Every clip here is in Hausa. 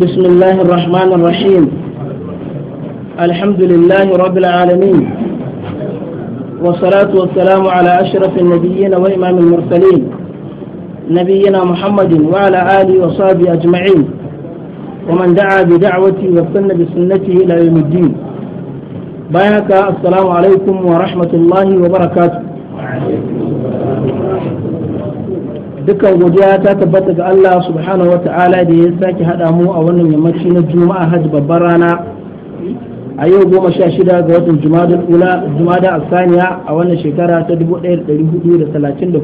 بسم الله الرحمن الرحيم الحمد لله رب العالمين والصلاة والسلام على أشرف النبيين وإمام المرسلين نبينا محمد وعلى آله وصحبه أجمعين ومن دعا بدعوتي وسن بسنته إلى يوم الدين بارك السلام عليكم ورحمة الله وبركاته dukkan godiya ta tabbata ga Allah subhanahu wata'ala da ya sake haɗa mu a wannan yammaci na juma'a hajj babbar rana a yau goma sha shida ga watan jumadar ula jumada asaniya a wannan shekara ta 1434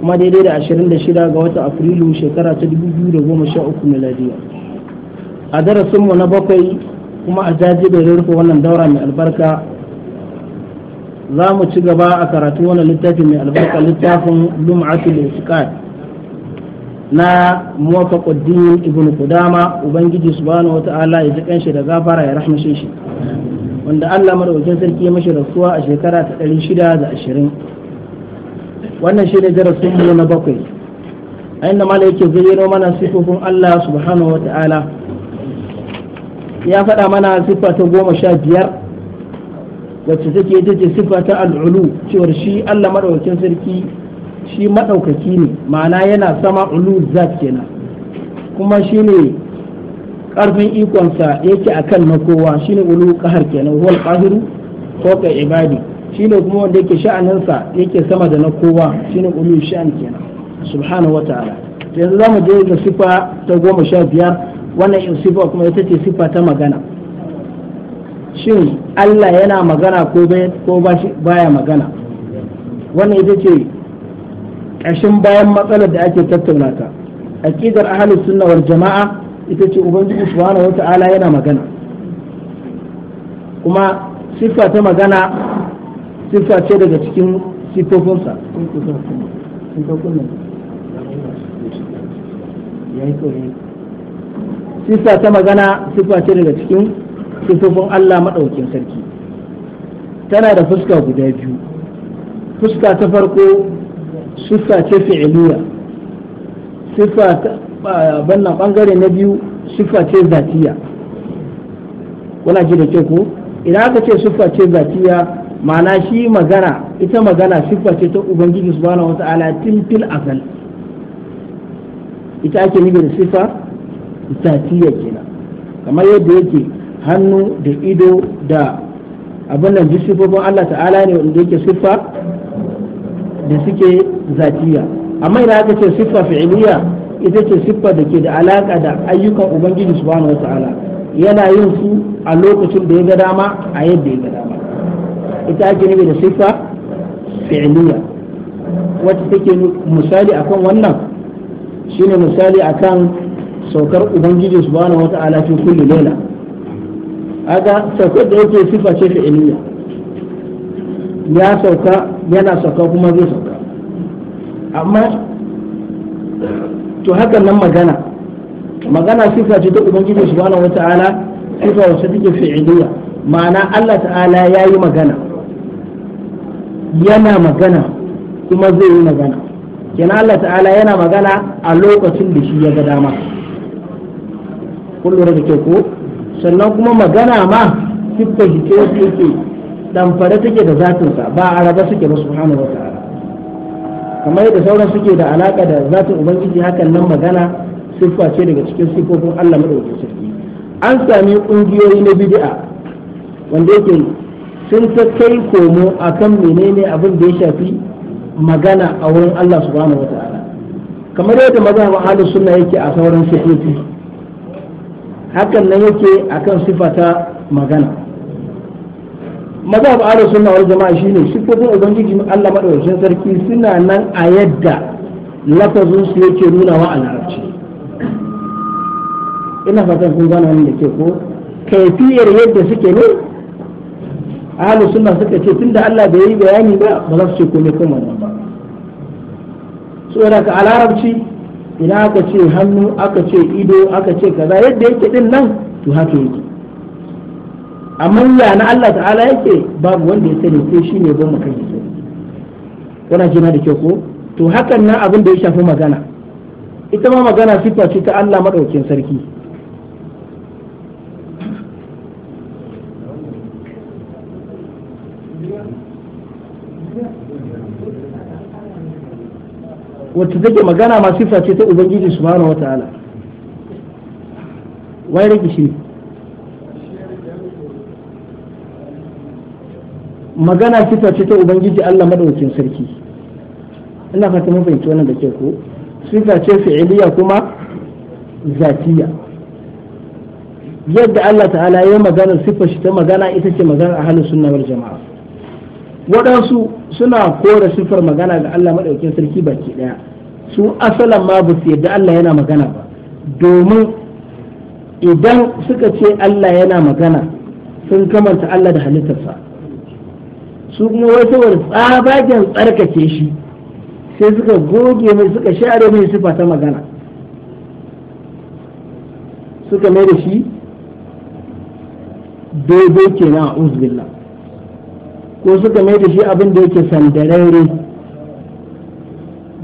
kuma daidai da 26 ga watan afrilu shekara ta 2013 miladiya a darasinmu na bakwai kuma a jajibar rufe wannan daura mai albarka za mu ci gaba a karatu wani littafi mai albarka littafin lum'atul istiqad na muwafaquddin ibn Kudama ubangiji subhanahu wata'ala ya ji kanshi da gafara ya rahmashe shi wanda Allah madaukakin sarki ya mashi rasuwa a shekara ta 620 wannan shi ne darasin mu na bakwai a inda mala yake zayyano mana sifofin Allah subhanahu wata'ala ya faɗa mana siffa ta goma sha biyar wacce take ita ce sifa ta al'ulu cewar shi Allah madaukakin sarki shi madaukaki ne ma'ana yana sama ulu zat kenan kuma shi ne karfin ikonsa yake akan na kowa shi ne ulu kahar kenan wal qahiru fawqa ibadi shi ne kuma wanda yake sha'aninsa yake sama da na kowa shi ne ulu sha'an kenan subhanahu wata'ala yanzu za mu je ga sifa ta goma sha biyar wannan sifa kuma ita ce sifa ta magana shin Allah yana magana ko baya magana wannan ita ce ƙashin bayan matsalar da ake tattauna ta aƙidar ahlus sunna wal jama'a ita ce ubangiji subhanahu wata'ala yana magana kuma siffa ta magana siffa ce daga cikin siffofinsa siffa ta magana siffa ce daga cikin sifofin Allah maɗaukin sarki tana da fuska guda biyu fuska ta farko siffa ce fi'iliya siffa bannan ɓangare na biyu siffa ce zatiya kuna ji da kyau ko idan aka ce siffa ce zatiya ma'ana shi magana ita magana siffa ce ta ubangiji subhanahu wata tun tilfil azal ita ake nufi da siffa zatiya kenan kamar yadda yake hannu da ido da abin da duk Allah ta'ala ne wanda yake siffa da suke zatiya amma idan aka ce siffa fi'iliya ita ce siffa da ke da alaka da ayyukan ubangiji subhanahu wata'ala yana yin su a lokacin da ya ga dama a yadda ya ga dama ita ake nufi da siffa fi'iliya wacce take misali akan wannan shine misali akan saukar ubangiji subhanahu wata'ala cikin kulli laila kaga saukar da yake sifa ce fi'iliya ya sauka yana sauka kuma zai sauka amma to haka nan magana magana sifa ce ta ubangiji subhanahu wata'ala sifa wacce take fi'iliya ma'ana Allah ta'ala ya yi magana yana magana kuma zai yi magana kenan Allah ta'ala yana magana a lokacin da shi ya ga dama kullum da ke ko sannan kuma magana ma siffar jike wacce yake damfare take da zatinsa ba a raba suke ba subhanahu ta'ala kamar yadda sauran suke da alaka da zatin ubangiji hakan nan magana siffa ce daga cikin siffofin Allah madaukakin sarki an sami ƙungiyoyi na bidi'a wanda yake sun ta kai komo akan menene abin da ya shafi magana a wurin Allah subhanahu ta'ala kamar yadda mazhabin ahlus sunna yake a sauran sifofi hakan nan yake akan sifata magana mazhab ahlus sunna wal jama'a shine sifofin ubangiji Allah madaukakin sarki suna nan a yadda lafazin su yake nuna wa al'arabci ina fatan kun gane wannan da ke ko kaifiyar yadda suke ne ahlus sunna suka ce tunda Allah bai yi bayani ba ba za su ce komai kuma wannan ba da ka al'arabci Ina aka ce hannu aka ce ido aka ce kaza yadda yake din nan to haka yake amma ya na Allah ta'ala yake babu wanda ya sani ko shi ne goma kan yake kuna jina da kyau ko to hakan nan abin da ya shafi magana ita ma magana sifa ce ta Allah madaukakin sarki wacce take magana ma sifa ce ta ubangiji subhanahu wataala wai rage shi magana sifa ce ta ubangiji Allah madaukakin sarki ina fata mun fahimci wannan da ke ko sifa ce fi'iliya kuma zatiya yadda Allah ta'ala ya magana sifa shi ta magana ita ce magana ahlus sunna wal jama'a waɗansu suna kore sifar magana ga Allah maɗaukin sarki baki ɗaya su asalan ma ba su yadda Allah yana magana ba domin idan suka ce Allah yana magana sun kamanta Allah da halittarsa su kuma wai saboda tsabagen tsarkake shi sai suka goge mai suka share mai sifa ta magana suka mai da shi daidai kenan a uzbillah ko suka mai da shi abin da yake sandarere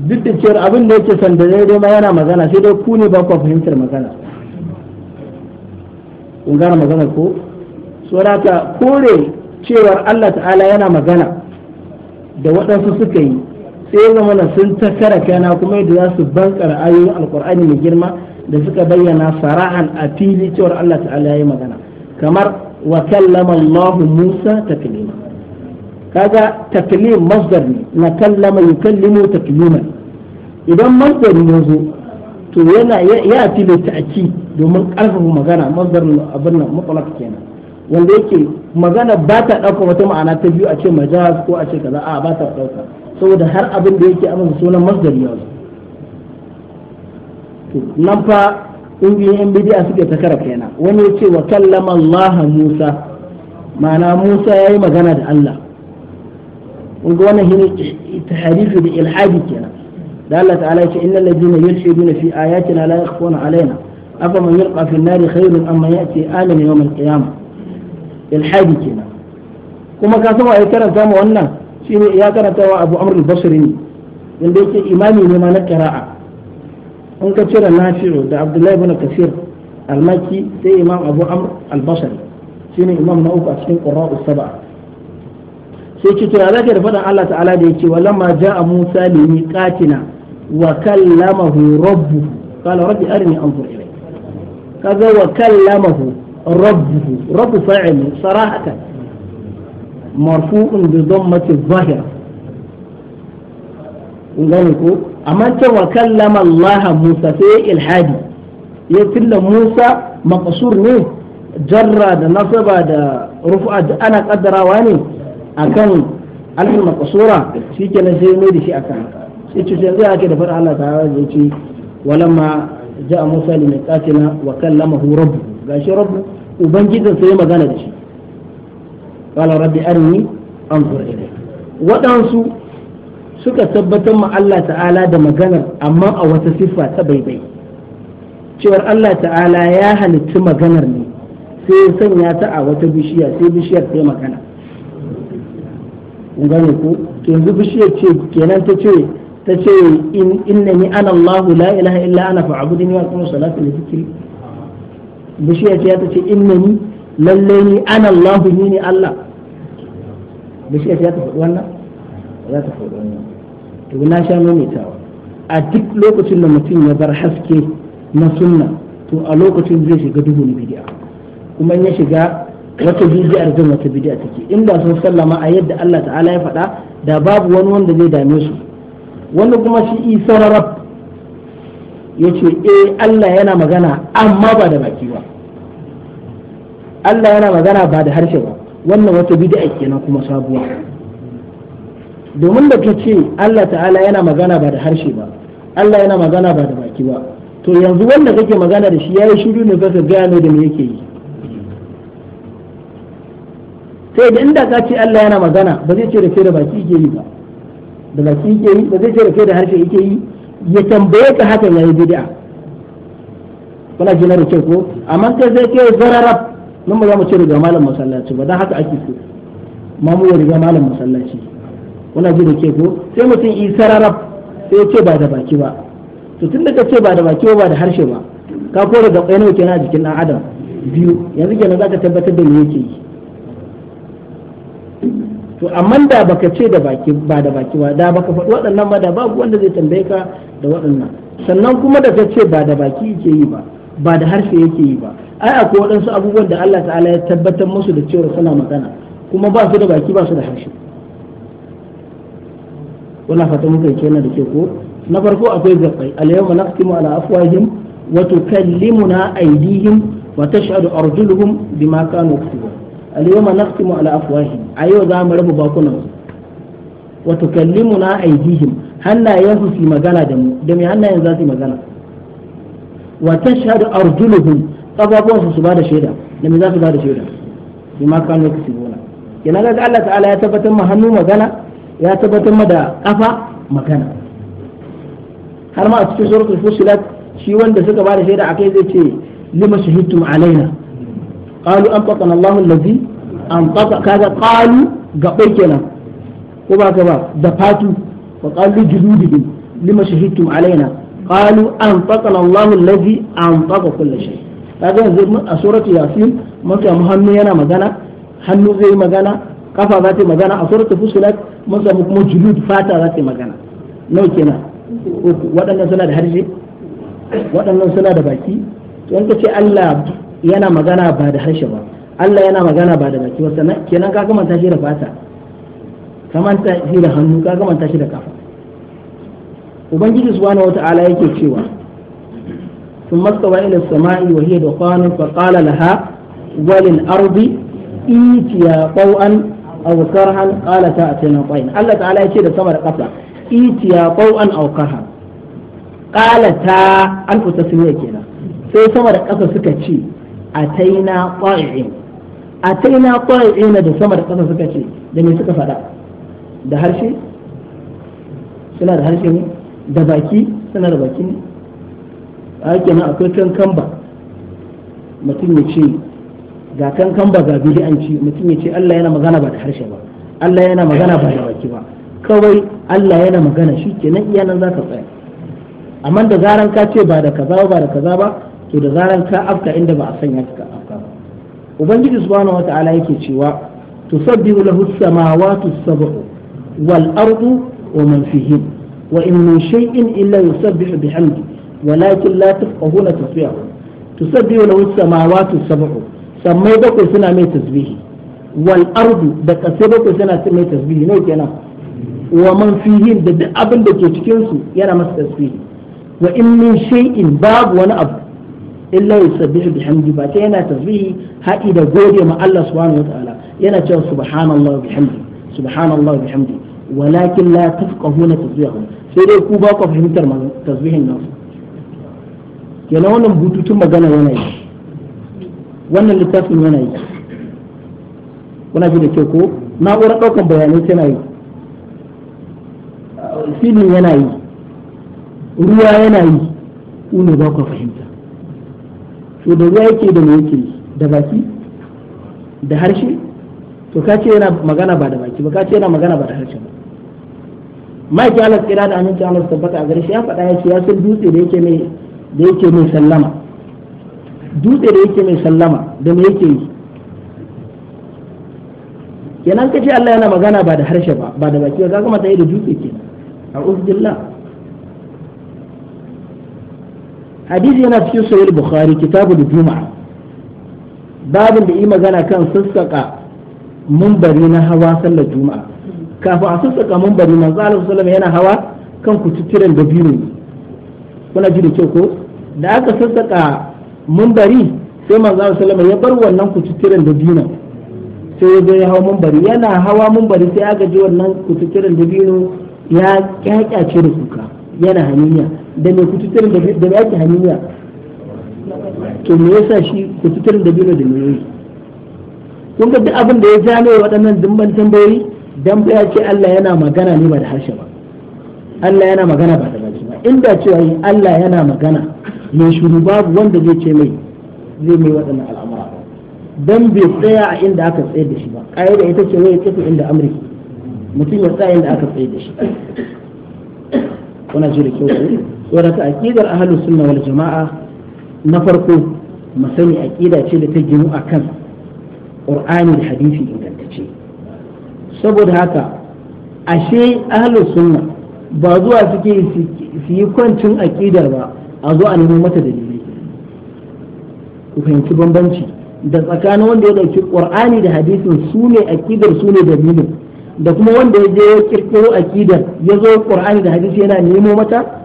duk da cewar abin da yake sandarere ma yana magana sai dai ku ne ba ku fahimtar magana kun gane magana ko so ka kore cewar Allah ta'ala yana magana da waɗansu suka yi sai ya zama sun ta kara kana kuma yadda za su bankar ayoyin alkur'ani mai girma da suka bayyana sara'an a fili cewar Allah ta'ala ya yi magana kamar wa kallama Allah Musa kalima kaga taklim masdar ne na kallama yukallimu takliman idan masdar ya zo to yana ya fi da ta'aki domin karfafa magana masdar abin nan mutlaq kenan wanda yake magana ba ta dauka wata ma'ana ta biyu a ce majaz ko a ce kaza a ba ta dauka saboda har abin da yake amsa sunan masdar ya zo to nan fa ƙungiyoyin bidiya suke ta kara kenan wani ya ce wa kallama Allah Musa ma'ana Musa yayi magana da Allah in ga wannan shine da ilhadi kenan da Allah ta'ala ya ce innal ladina yulhiduna fi ayatina la yakhfuna alaina afa man yulqa fi an-nar khairun am man ya'ti amina yawm al-qiyamah ilhadi kenan kuma ka san waye karanta mu wannan shine ya karanta wa Abu Amr al-Basri ne inda yake imami ne ma na qira'a in ka cire nasiru da Abdullahi ibn Kasir al-Makki sai Imam Abu Amr al-Basri shine imam na uku a cikin qurra'us sab'a sai ce to ya zaka da faɗin Allah ta'ala da yake wa lamma ja'a Musa li miqatina wa kallamahu rabbu qala rabbi arini anzur ilayk kaza wa kallamahu rabbu rabbu fa'il sarahatan marfu'un bi dhammati dhahira ngani ko amma ta wa kallama Allah Musa sai ilhadi ya tilla Musa maqsur ne jarra da nasaba da rufa da ana kaddarawa ne akan shi ke shikenan sai mai da shi akan haka sai ce yanzu ake da fara Allah ta'ala da ce walamma a Musa mai katina wa kallamahu ga shi rabu ubangijin sai magana da shi qala rabbi arini an ilayk Waɗansu suka tabbatar ma Allah ta'ala da maganar amma a wata siffa ta baibai cewar Allah ta'ala ya halitta maganar ne sai ya sanya ta a wata bishiya sai bishiyar ta magana gane ko yanzu bishiyar ce kenan ta ce ta ce innani ana Allahu la ilaha illa ana ni wa kuma salatu da zikiri bishiyar ce ta ce innani lalle ni ana Allahu ni ne Allah bishiyar ce ta faɗi wannan za ta faɗi wannan to na sha tawa a duk lokacin da mutum ya bar haske na sunna to a lokacin zai shiga duhu na bid'a kuma ya shiga wata bidiyar jin wata bidiya take inda sun sallama a yadda Allah ta'ala ya faɗa da babu wani wanda zai dame su wanda kuma shi isa rarab ya ce eh Allah yana magana amma ba da baki ba Allah yana magana ba da harshe ba wannan wata bid'a kenan kuma sabuwa domin da ka ce Allah ta'ala yana magana ba da harshe ba Allah yana magana ba da baki ba to yanzu wanda kake magana da shi yayi shiru ne ka gane da me yake yi sai da inda ka ce Allah yana magana ba zai ce da kai da baki yake yi ba da baki yake yi ba zai ce da kai da harshe yake yi ya tambaye ka hakan yayi bid'a kuna jina da kyau ko amma kai zai kai zararab mun ba za mu ce riga malam masallaci ba dan haka ake so ma mu riga malam masallaci kuna ji da ke ko sai mutum yi sararab sai ce ba da baki ba to tun da ka ce ba da baki ba da harshe ba ka kore ga ɗaya nawa kenan a jikin ɗan adam biyu yanzu kenan za ka tabbatar da me yake yi to amma da baka ce da baki ba da baki ba da baka faɗi waɗannan ba da babu wanda zai tambaye ka da waɗannan sannan kuma da ka ce ba da baki yake yi ba ba da harshe yake yi ba ai akwai waɗansu abubuwan da Allah ta'ala ya tabbatar musu da cewa suna magana kuma ba su da baki ba su da harshe wala fata muka yi kenan da ke ko na farko akwai gabbai al-yawma naqtimu ala afwahihim wa tukallimuna aydihim wa tashhadu arjuluhum bima kanu yaktubun al-yawma naqtimu ala afwahihim a yau za mu raba bakunan su wa tukallimuna aydihim hannayen su su magana da mu da me hannayen za su magana wa tashhadu arjuluhum kafafuwan su ba da shaida da me za su ba da shaida bima kanu yaksubuna kenan ga Allah ta'ala ya tabbatar ma hannu magana ya tabbatar ma da kafa magana har ma a cikin suratul fusilat shi wanda suka bada da shaida akai zai ce lima shahidtum alaina qalu an faqana Allahu allazi an faqa kaga qalu gabai kenan ko ba ka ba da fatu wa qalu juludihim lima shahidtum alaina qalu an faqana Allahu allazi an faqa kulli shay kaga yanzu a suratu yasin mun samu hannu yana magana hannu zai magana kafa za ta magana a suratu fusilat mun samu kuma fata za ta magana nau kenan waɗannan suna da waɗannan suna da baki to ka ce Allah yana magana ba da harshe ba Allah yana magana ba da baki wasa kenan ka kamanta shi da fata kamanta shi da hannu ka kamanta shi da kafa ubangiji subhanahu wata'ala yake cewa sun mastawa ila sama'i wa hiya dukhanun fa qala laha walil ardi itiya qaw'an aw karhan qala atina qain Allah ta'ala yake da sama da kafa itiya qaw'an aw karhan qala ta an fita sun kenan sai sama da kafa suka ce ataina qa'i'in ataina na da sama da ƙasa suka ce da me suka faɗa da harshe suna da harshe ne da baki suna da baki ne a na akwai kankamba mutum ya ce ga kankamba ga bid'anci mutum ya ce Allah yana magana ba da harshe ba Allah yana magana ba da baki ba kawai Allah yana magana shi kenan iyanan za ka tsaya amma da zaran ka ce ba da kaza ba da kaza ba to da zaran ka afka inda ba a sanya ka afka ba ubangiji subhanahu wata'ala yake cewa tusabbihu lahu samawati sab'u wal ardu wa man fihin wa in min shay'in illa yusabbihu bihamdi walakin la tafqahuna tasbihahu tusabbihu lahu samawati sab'u sammai bakwai suna mai tasbihi wal ardu da kasai bakwai suna mai tasbihi ne kenan wa man fihin da duk abin da ke cikin su yana masa tasbihi wa in min shay'in babu wani abu illa yusabbihu bihamdi ba sai yana tasbihi haɗi da gode ma Allah subhanahu wataala yana cewa subhanallahi bihamdi subhanallahi bihamdi walakin la tafqahuna tasbihahum sai dai ku ba ku fahimtar tasbihin nasu kenan wannan bututun magana yana yi wannan littafin yana yi kuna ji da ke ko na'urar ɗaukan bayanai tana yi filin yana yi ruwa yana yi ku ne ba ku fahimta to da ruwa yake da me yake da baki da harshe to ka ce yana magana ba da baki ba ka ce yana magana ba da harshe ba maki Allah tsira da aminci Allah tabbata a gare shi ya faɗa ya ce ya san dutse da yake mai da yake mai sallama dutse da yake mai sallama da me yake yi kenan ka ce Allah yana magana ba da harshe ba ba da baki ba ka kuma ta yi da dutse kenan a'udhu billah hadisi yana cikin sahih bukhari kitabul juma'a babin da yi magana kan sassaka mumbari na hawa sallar juma'a kafin a sassaka mumbari na Allah sallallahu yana hawa kan kututturen dabino kuna ji da kyau ko da aka sassaka mumbari sai manzo Allah sallallahu ya bar wannan kututturen dabino sai ya zo ya hawa mumbari yana hawa mumbari sai aka ji wannan kututturen dabino ya kyakyace da kuka yana haniya da mai kututturin da mai ake haniniya to me yasa shi kututturin da biyu da mai kun ga duk abin da ya jano waɗannan dimban tambayoyi dan ba ya ce Allah yana magana ne ba da harshe ba Allah yana magana ba da baki ba inda cewa yi Allah yana magana mai shuru babu wanda zai ce mai zai mai waɗannan al'amura dan bai tsaya a inda aka tsayar da shi ba ƙa'ida ita ce wai tafi inda amri mutum ya tsaya inda aka tsayar da shi kuna ji da kyau tsoraka aƙidar ahalus suna wal jama'a na farko masani sani aƙida ce da ta ginu akan ƙur'ani da hadisi ingantacce saboda haka ashe ahalus suna ba zuwa suke su yi kwancin aƙidar ba a zo a nemo mata dalilai ku fahimci bambanci da tsakanin wanda ya ɗauki ƙur'ani da hadisin su ne aƙidar su ne dalilin da kuma wanda ya je ya aƙidar ya zo ƙur'ani da hadisi yana nemo mata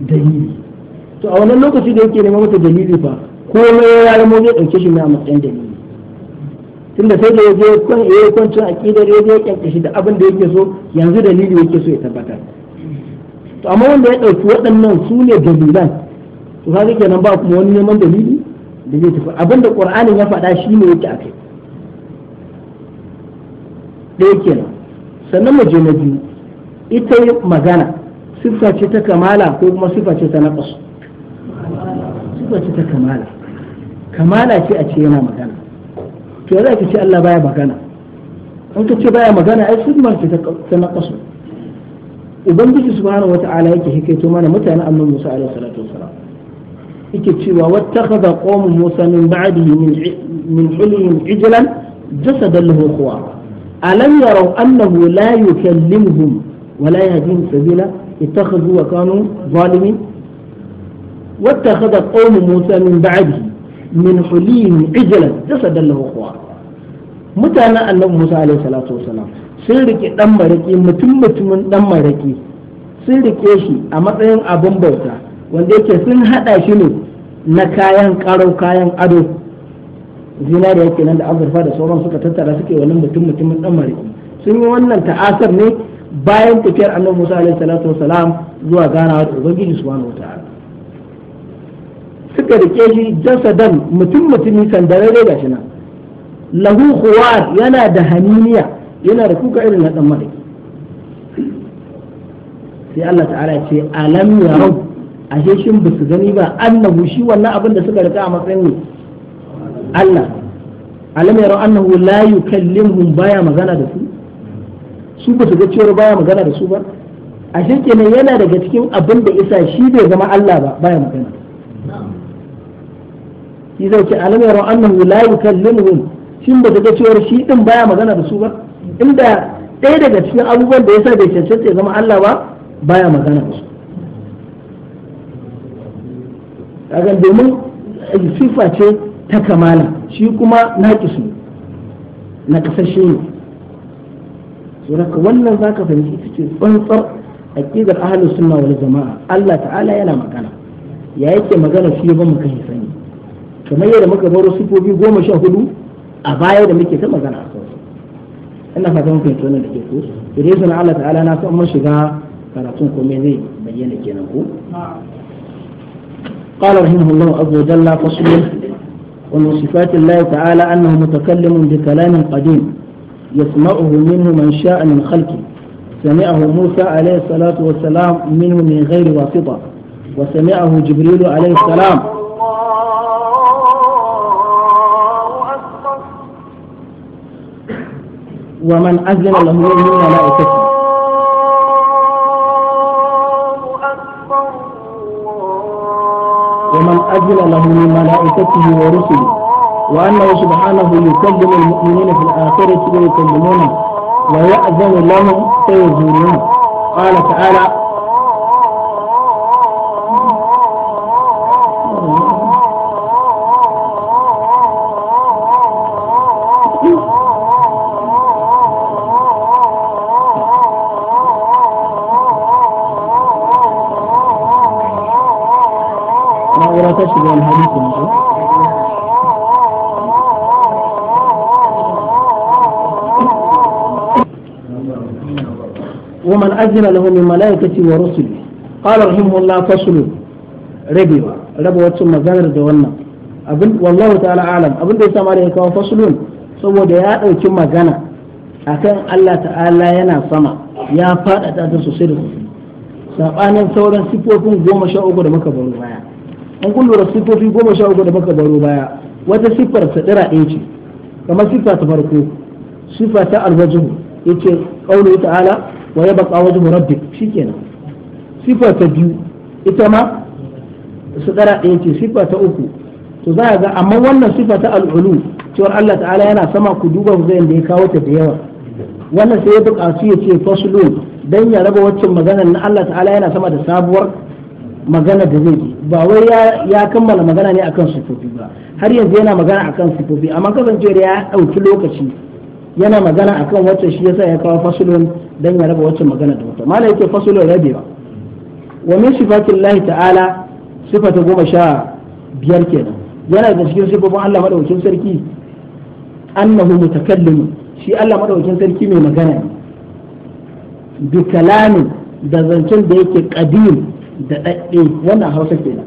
dalili to a wannan lokaci da yake neman mata dalili fa ne ya zama zai dauke shi na a matsayin dalili tunda sai da ya je kan ya kwancin aqidar ya je kyankashi da abin da yake so yanzu dalili yake so ya tabbatar to amma wanda ya ɗauki waɗannan su ne dalilan to haka kenan ba kuma wani neman dalili da zai tafi abin da qur'ani ya faɗa shi ne yake akai ɗaya kenan sannan mu je na biyu ita magana siffa ce ta kamala ko kuma siffa ce ta naqas siffa ce ta kamala kamala ce a ce yana magana to za ki ce Allah baya magana in ka ce baya magana ai siffar ce ta naqas ubangiji subhanahu wata'ala yake hikaito mana mutanen annabi Musa alaihi salatu wasalam yake cewa wattakhadha qawmu Musa min ba'dihi min min hulihim ijlan jasadan lahu khuwa alam yaraw annahu la yukallimuhum ولا يهديهم سبيلا اتخذوا وكانوا ظالمين واتخذ قوم موسى من بعده من حليم عجلا جسدا له خوار mutanen annabi Musa alaihi salatu wasalam sun riƙe dan maraki mutum mutumin dan maraki sun riƙe shi a matsayin abun bauta wanda yake sun haɗa shi ne na kayan karo kayan ado zinariya yake nan da azurfa da sauran suka tattara suke wannan mutum mutumin dan maraki sun yi wannan ta'asar ne bayan tafiyar annabi Musa alaihi salatu wasalam zuwa ganawa da ubangiji subhanahu wataala suka rike shi jasadan mutum mutumi rai ga shi nan lahu khuwar yana da haniniya yana da kuka irin na dan madaki sai Allah ta'ala ya ce alam yarau ashe shin basu gani ba annahu shi wannan abin da suka rika a matsayin Allah alam yarau annahu la yukallimhum baya magana da su su ba su ga cewar baya magana da su ba a kenan yana daga cikin abin da isa shi bai zama Allah ba baya magana shi zai ce alam yaro annahu kan yukallimuhum shi ba su ga cewar shi din baya magana da su ba inda ɗaya daga cikin abubuwan da yasa bai cancanta ya zama Allah ba baya magana da su kaga domin sifa ce ta kamala shi kuma naƙisu na kasashe ne هناك ولا ذاك في مسجد فنصر أكيد الأهل السنة والجماعة الله تعالى يلا مكانه يا إيك مكانه في يوم مكانه ثاني كما يرى مكبر سبوا في قوم شهدوا أبايا لم يكن ثم مكانه أخوه إنه فاتحون في تونة لكيكوس إذا يسمى الله تعالى ناس أم شغاء فراتون كوميني بيانة جنكو قال رحمه الله أبو وجل فصل ومن صفات الله تعالى أنه متكلم بكلام قديم يسمعه منه من شاء من خلقه سمعه موسى عليه الصلاة والسلام منه من غير واسطة وسمعه جبريل عليه السلام ومن أذن له من ملائكته ومن أذن له من ملائكته ورسله وأنه سبحانه يكلم المؤمنين في الآخرة ويكلمونه ويأذن لهم فيزورون قال تعالى لا ولا تشبه الحديث ومن أذن له من ملائكته ورسله قال رحمه الله فصل ربوا ربوا ثم زنر دوانا abin wallahu ta'ala alam abin da ya sama da kawo fasulun saboda ya ɗauki magana akan Allah ta'ala yana sama ya faɗaɗa ta sosai da sosai sabanin sauran sifofin goma sha uku da muka baro baya an kun lura sifofi goma sha uku da muka baro baya wata siffar sadira ɗaya ce kamar siffa ta farko siffa ta alwajihu yace qaulu ta'ala wa ya baka wajen rabbik shikenan sifa ta biyu ita ma su dara ɗaya ce sifa ta uku to za a ga amma wannan sifa ta al'ulu cewar Allah ta'ala yana sama ku duba ku ga ya kawo ta da yawa wannan sai ya buƙaci ya ce faslun dan ya raba waccan magana na Allah ta'ala yana sama da sabuwar magana da zai yi ba wai ya kammala magana ne akan sifofi ba har yanzu yana magana akan sifofi amma kasancewa ya ɗauki lokaci yana magana akan wacce shi yasa ya kawo faslun dan ya raba wancan magana da wata malai yake fasulun ba. wa min sifatin lahi ta'ala sifata goma sha biyar kenan yana da cikin sifofin Allah madaukakin sarki annahu mutakallimu shi Allah madaukakin sarki mai magana ne bi kalamin da zancen da yake qadim da dadde wannan Hausa kenan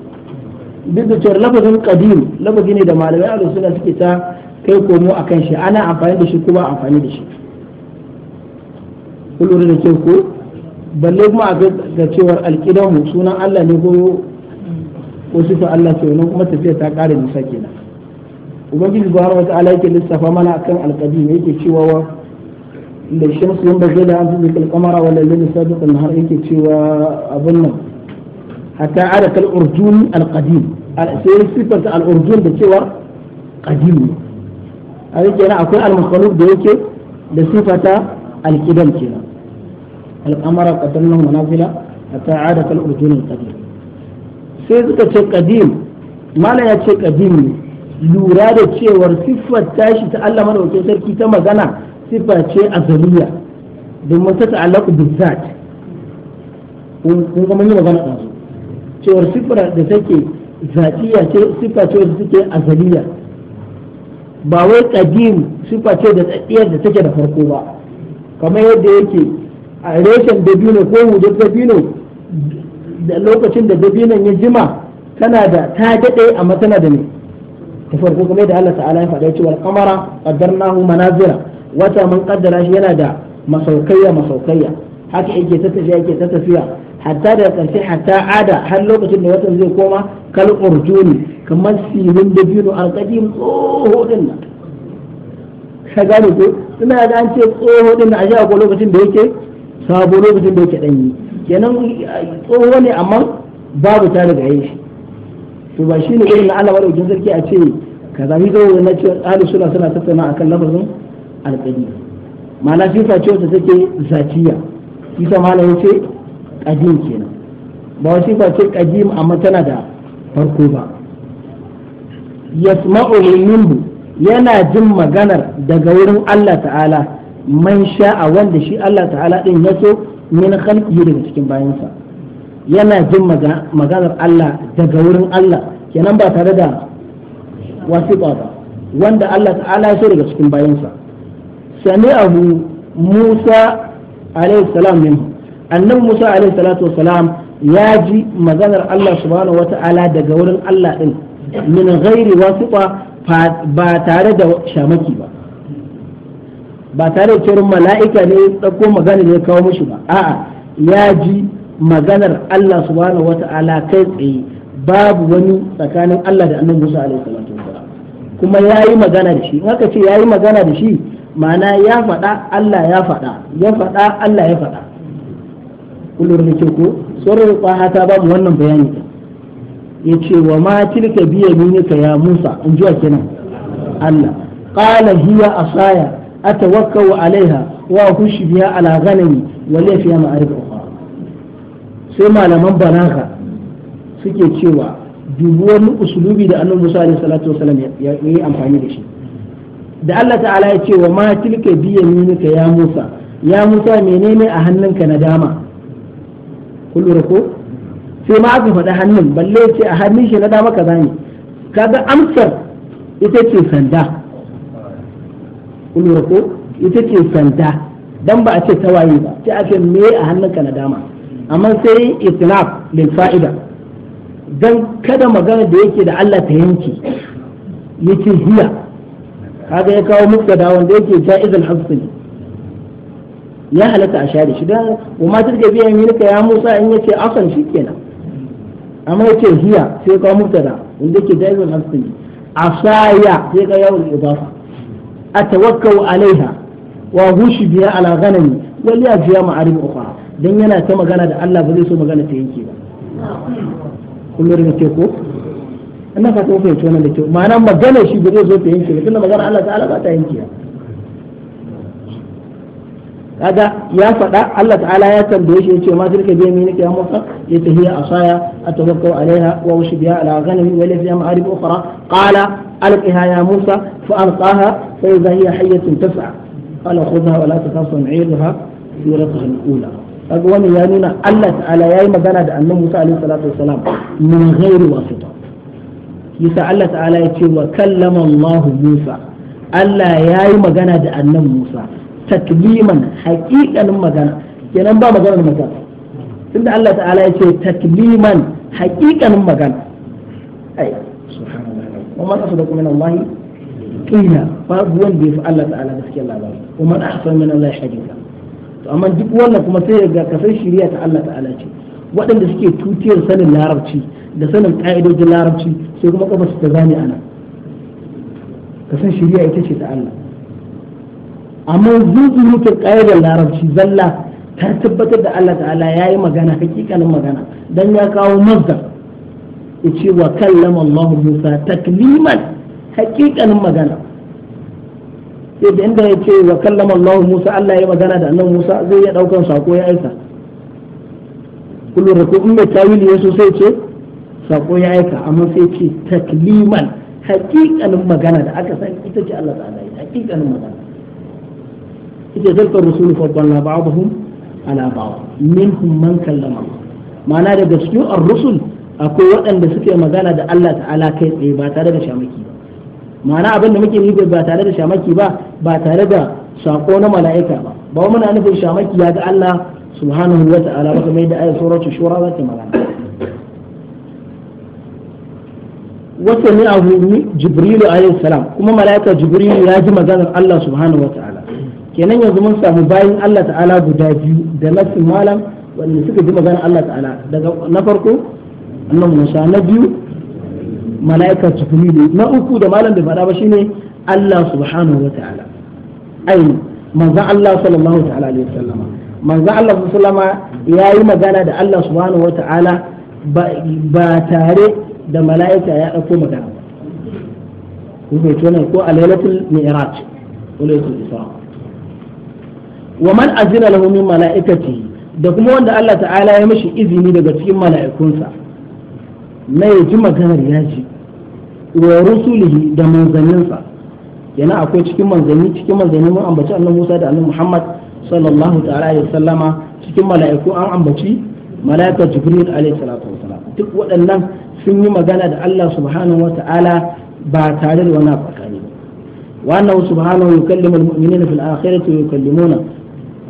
duk da cewa lafazin qadim lafazi ne da malamai a suna suke ta kai komo akan shi ana amfani da shi kuma amfani da shi kullum da ke ko balle kuma a ga cewar alkidahu sunan Allah ne ko ko sifa Allah ce wannan kuma tafiya ta ƙara nisa kenan ubangiji subhanahu wa ta'ala yake lissafa mana akan alqadim yake cewa wa da shamsu yanda zai da an zubi kalkamara wala zai sabiqa nahar yake cewa abun nan hatta ada kal urjun alqadim sai sifar ta al-urjun da cewa qadim a yake akwai al-makhluq da yake da sifata alqidam kenan al'amara قدمه manazila حتى عادة kal القديم al qadim sai suka ce qadim mala ya ce qadim ne lura da cewar siffar tashi ta Allah madaukakin sarki ta magana siffa ce azaliya domin ta ta'allaqu bi zat kun ga yi magana ɗazu cewar zatiya ce siffa ba wai qadim siffa ce da tsakiyar da take da farko ba kamar yadda yake a reshen dabino ko wujar dabino da lokacin da dabinon ya jima tana da ta daɗe amma tana da ne ta farko kuma da Allah ta'ala ya faɗa ya wal kamara qaddarnahu manazira wata mun kaddara shi yana da masaukaiya masaukaiya haka yake ta tafiya yake ta tafiya hatta da karshe hatta ada har lokacin da watan zai koma kal urjuni kamar sirin dabino alqadim oh din nan ka gane ko ina da an ce tsoho din a jiya ko lokacin da yake sabo lokacin da yake yi. kenan tsoho ne amma babu ta daga yi to ba shine irin na Allah madaukakin sarki a ce kaza ni zo na ce ahli suna suna tattauna akan lafazin alqadi ma'ana sifa ce take zatiya isa ya ce qadim kenan ba wasifa ce qadim amma tana da farko ba yasma'u minhu yana jin maganar daga wurin Allah ta'ala man sha'a wanda shi Allah ta'ala din ya so min khalqihi daga cikin bayansa yana jin maganar Allah daga wurin Allah kenan ba tare da wasiƙa ba wanda Allah ta'ala ya so daga cikin bayansa abu Musa alayhi salam min annabi Musa alayhi salatu wassalam ya ji maganar Allah subhanahu wata'ala daga wurin Allah din min ghairi wasiƙa ba tare da shamaki ba ba tare da cewar mala'ika ne ɗauko magana da ya kawo mushi ba a'a ya ji maganar Allah subhanahu wata'ala kai tsaye babu wani tsakanin Allah da annabi Musa alaihi salatu wasallam kuma yayi magana da shi in aka ce yayi magana da shi ma'ana ya faɗa Allah ya faɗa ya faɗa Allah ya faɗa kullum ne ko surar qaha ta babu wannan bayani ya ce wa ma tilka biya ka ya Musa in ji kenan Allah qala hiya asaya أتوكأ عليها وأخش بها على غنمي ولي فيها معارف أخرى سيما لمن بلاغة suke cewa dubu wani usulubi da annabi Musa alaihi salatu wasallam ya yi amfani da shi da Allah ta'ala ya ce wa ma tilka biyaminika ya Musa ya Musa menene a hannunka na dama kun ko sai ma aka faɗa hannun balle ce a hannun shi na dama kaza ne kaga amsar ita ce sanda kullu ko ita ce santa dan ba a ce tawaye ba sai ake me a hannunka na dama amma sai itlaq lil fa'ida dan kada magana da yake da Allah ta yanke yace hiya kaga ya kawo mubtada wanda yake jaizul hasbi ya halatta a share shi dan wa ma tilka biya minka ya Musa in yace asan shikenan amma yace hiya sai kawo mubtada wanda yake jaizul hasbi asaya sai ka yawon idafa atawakkau alaiha wa hushi biya ala ya biya ma'arib ukhra dan yana ta magana da Allah ba zai so magana ta yanke ba kun lura da ko ina fata ku fahimci da kyau ma'ana magana shi ba zai zo ta yanke ba tunda magana Allah ta'ala ba ta yanke kaga ya faɗa Allah ta'ala ya tambaye shi yace ma tilka bi yaminika ya Musa yace asaya atawakkau wa ألقها يا موسى فألقاها فإذا هي حية تسعى قال خذها ولا تخاف عيدها سيرتها الأولى أقوان يا نونا الله تعالى يا إما بلد أن موسى عليه الصلاة والسلام من غير واسطة يسا الله تعالى يقول وكلم الله موسى الله يا إما بلد أن موسى تكليما حقيقة مغانا kenan ba maganar magana tunda Allah ta'ala ya ce takliman haƙiƙanin magana ai subhanallah ومن أصدق من الله قيلا babu wanda ya fi Allah ta'ala gaskiyar labari kuma na ahsan min Allah hadisa to amma duk wannan kuma sai ga kasar shari'a ta Allah ta'ala ce waɗanda suke tutiyar sanin larabci da sanin ka'idojin larabci sai kuma kafa su ta zani ana kasar shari'a ita ce ta Allah amma zuzurutar ka'idar larabci zalla ta tabbatar da Allah ta'ala ya yi magana hakikanin magana dan ya kawo mazda. yace wa kallama Allah Musa takliman hakikanin magana yadda inda ya ce wa kallama Allah Musa Allah ya magana da annabi Musa zai ya daukan sako ya aika kullu rako in mai tawili ya sai ce sako ya aika amma sai ce takliman hakikanin magana da aka san ita ce Allah ta'ala hakikanin magana ita tilka rusulu faddalna ba'dhum ala ba'd minhum man kallama ma'ana daga cikin ar-rusul akwai waɗanda suke magana da Allah ta'ala kai tsaye ba tare da shamaki ba ma'ana abin da muke nufi ba tare da shamaki ba ba tare da sako na mala'ika ba ba muna nufin shamaki ya ga Allah subhanahu wa ta'ala ba kamar yadda ayat suratul shura za ta magana wa sami'ahu jibril alayhi salam kuma mala'ika jibrilu ya ji maganar Allah subhanahu wa ta'ala kenan yanzu mun samu bayin Allah ta'ala guda biyu da nasu malam wanda suka ji maganar Allah ta'ala daga na farko annabi Musa na biyu mala'ika jibrilu na uku da malam bai faɗa ba shine Allah subhanahu wa ta'ala ai manzo Allah sallallahu ta'ala alaihi wasallama manzo Allah sallallahu ya yi magana da Allah subhanahu wa ta'ala ba tare da mala'ika ya dauko magana ba ko bai ko a lailatul mi'raj ko lailatul isra wa man azina lahu min mala'ikati da kuma wanda Allah ta'ala ya mishi izini daga cikin mala'ikunsa na ya ji maganar ya ji wa rusulihi da manzanninsa yana akwai cikin manzanni cikin manzanni mun ambaci allah Musa da annabi Muhammad sallallahu ta'ala alaihi wasallama cikin mala'iku an ambaci mala'ika Jibril alaihi salatu wasalam duk waɗannan sun yi magana da Allah subhanahu wata'ala ba tare da wani fakani ba wannan subhanahu yukallimu almu'minina fil akhirati yukallimuna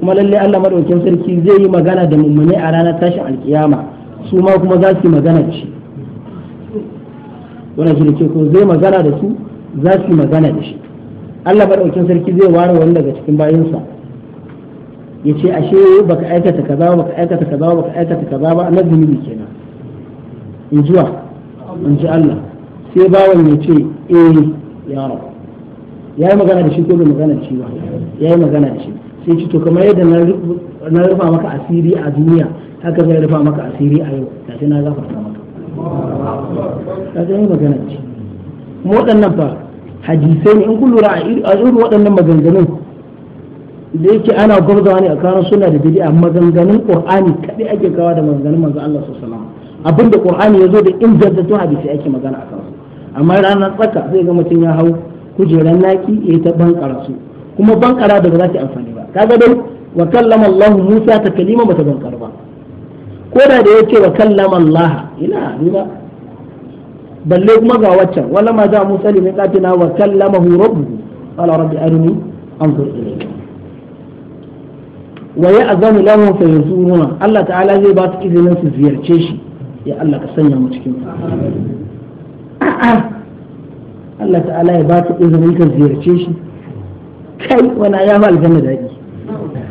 kuma lalle Allah madaukakin sarki zai yi magana da mu'mini a ranar tashin alkiyama su ma kuma za su yi magana da shi wannan shi ce ko zai magana da su za su magana da shi Allah daukin sarki zai ware wani daga cikin bayansa ya ce ashe baka aikata kaza baka aikata kaza baka aikata kaza ba na zunubi kenan in jiwa in ji Allah sai bawan ya ce eh ya rabu ya yi magana da shi ko bai magana da shi ba ya yi magana da shi sai ci to kamar yadda na rufa maka asiri a duniya haka zai rufa maka asiri a yau tashi na zafarta maka kaga yi magana ce kuma waɗannan fa hadisai ne in kun lura a irin waɗannan maganganun da yake ana gwamzawa ne a karan suna da a maganganun qur'ani kadai ake kawo da maganganun manzo Allah sallallahu alaihi abinda abinda ya zo da ingantattun hadisai ake magana a kansu amma ranar tsaka zai ga mutum ya hau kujeran naki ya ta bankara su kuma bankara da ba za ta amfani ba kaga dai wa kallama Allah Musa ta kalima bata bankara ba ko da da yace wa kallama Allah ina ni ba balle kuma ga waccan wala ma za Musa limin qatina wa kallamahu rabbuhu qala rabbi arini anzur ilayka wa ya'zamu lahu fa yazuruna Allah ta'ala zai ba su izinin su ziyarce shi ya Allah ka sanya mu cikin Allah ta'ala ya ba su izinin ka ziyarce shi kai wani ya ma aljanna daɗi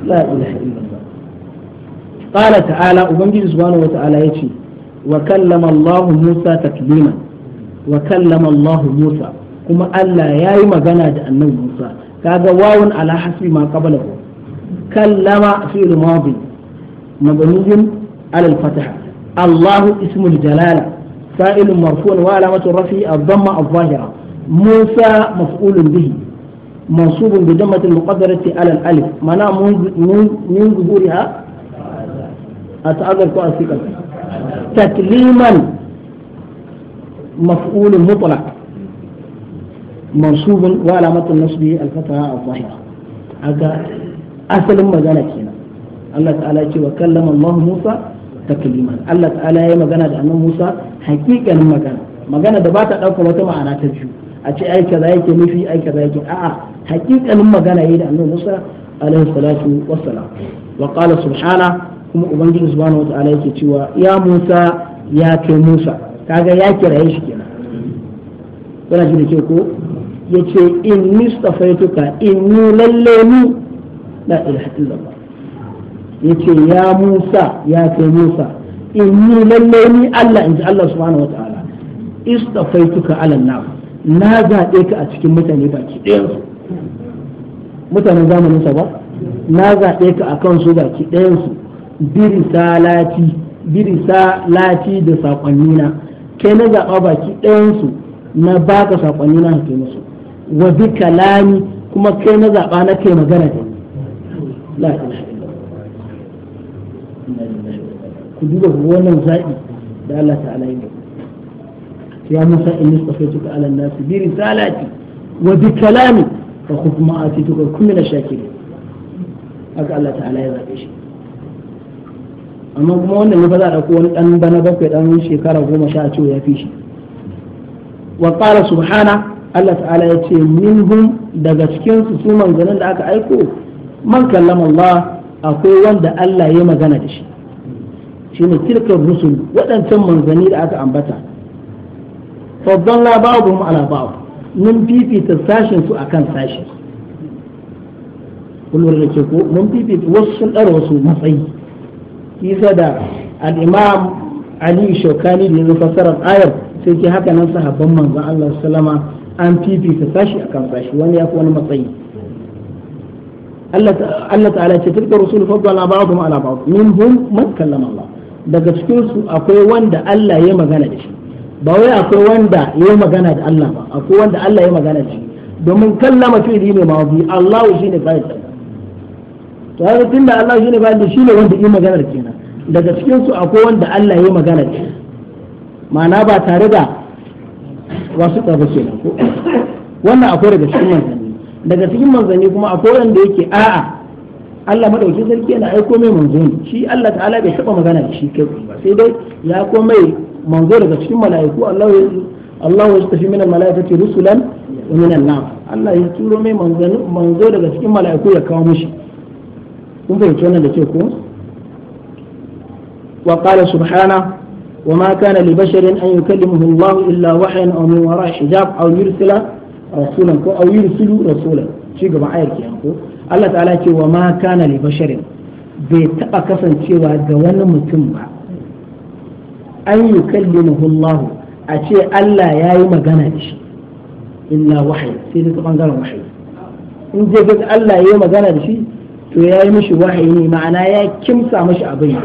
la ilaha illallah qala ta'ala ubangiji subhanahu wa ta'ala yace wa kallama Allah Musa taklima wa kallama Allah Musa kuma Allah ya yi magana da annabi Musa kaga wawun ala hasbi ma qablahu kallama fi'l madi mabniyun ala al-fataha Allah ismul jalala فاعل مرفوع وعلامة رفعه الضمة الظاهرة موسى مفعول به منصوب بضمة المقدرة على الألف معناه من ظهورها أتعذر كو تكليما مفعول مطلق منصوب وعلامة النصب الفتحة الظاهرة هذا أصل مجانا كنا الله تعالى وكلم الله موسى تكليما الله تعالى يا مجانا أن موسى حقيقة مجانا مجانا دبات أوكا وتما أنا تبشو أتي أي كذا يكي نفي أي كذا يكي آه حقيقة مجانا يدي أن موسى عليه الصلاة والسلام وقال سبحانه kuma ubangiji subhanahu wataala yake cewa ya Musa ya kai Musa kaga ya kiraye shi kenan kuna shi da ke ko ya ce in tuka in ni lalle ni la ilaha illallah ya ce ya musa ya kai musa in ni lalle ni allah in ji allah su wataala wata ala alan na na zaɓe ka a cikin mutane baki ɗayansu mutanen zamanin sa ba na zaɓe ka a kan kansu baki ɗayansu birisa lati da saƙonnina kai na zaɓa baki ɗayansu na baka saƙonni na kai musu wa bi kalami kuma kai na zaɓa na kai magana da ni ku duba wannan zaɓi da Allah ta'ala yi ya musa in istafaitu ala nasu bi risalati wa bi kalami ka kuma a atituka kuma na shakiri haka Allah ta'ala ya zaɓe shi amma kuma wannan ya fa za a ɗauko wani ɗan bana bakwai ɗan shekara goma sha a cewa ya fi shi wa subhana Allah ta'ala ya ce minhum daga cikin su su manzanin da aka aiko man kallama Allah akwai wanda Allah ya magana da shi shine tilkar rusul waɗancan manzanni da aka ambata faddalla ba'dhum ala ba'd mun fifita sashen su akan sashi kullum da ke ko mun fifita wasu sun ɗara wasu matsayi kisa da al-imam ali shokani da yanzu fassarar ayar sai ke haka nan sahabban manzon Allah sallama an fifita sashi kan sashi wani ya fi wani matsayi Allah ta'ala ce tilka rusul faddala kuma ala ba'd minhum man kallama Allah daga cikin su akwai wanda Allah ya magana da shi ba wai akwai wanda ya magana da Allah ba akwai wanda Allah ya magana da shi domin kallama fi'li ne mawdi Allah shine fa'il to haka tunda Allah shine ba da shine wanda yi maganar kenan daga cikin su akwai wanda Allah ya magana ma'ana ba tare da wasu tsaba na ko wannan akwai daga cikin manzanni daga cikin manzanni kuma akwai wanda yake a'a Allah madaukin sarki yana aiko mai manzo ne shi Allah ta'ala bai taba magana da shi kai ba sai dai ya komai manzo daga cikin mala'iku Allah ya Allah ya tafi min malaikati rusulan wa minan nas Allah ya turo mai manzo daga cikin mala'iku ya kawo mishi kun fahimci wannan da ke ko wa qala wa ma kana li basharin an yukallimuhu Allah illa wahyan aw min wara'i hijab aw yursila rasulan ko aw yursilu rasulan shi gaban ayar kenan Allah ta'ala ce wa ma kana li basharin bai taba kasancewa ga wani mutum ba an Allah a ce Allah magana da shi illa sai in je Allah magana da shi to ya yi mishi wahayi ne ma'ana ya kimsa mishi abin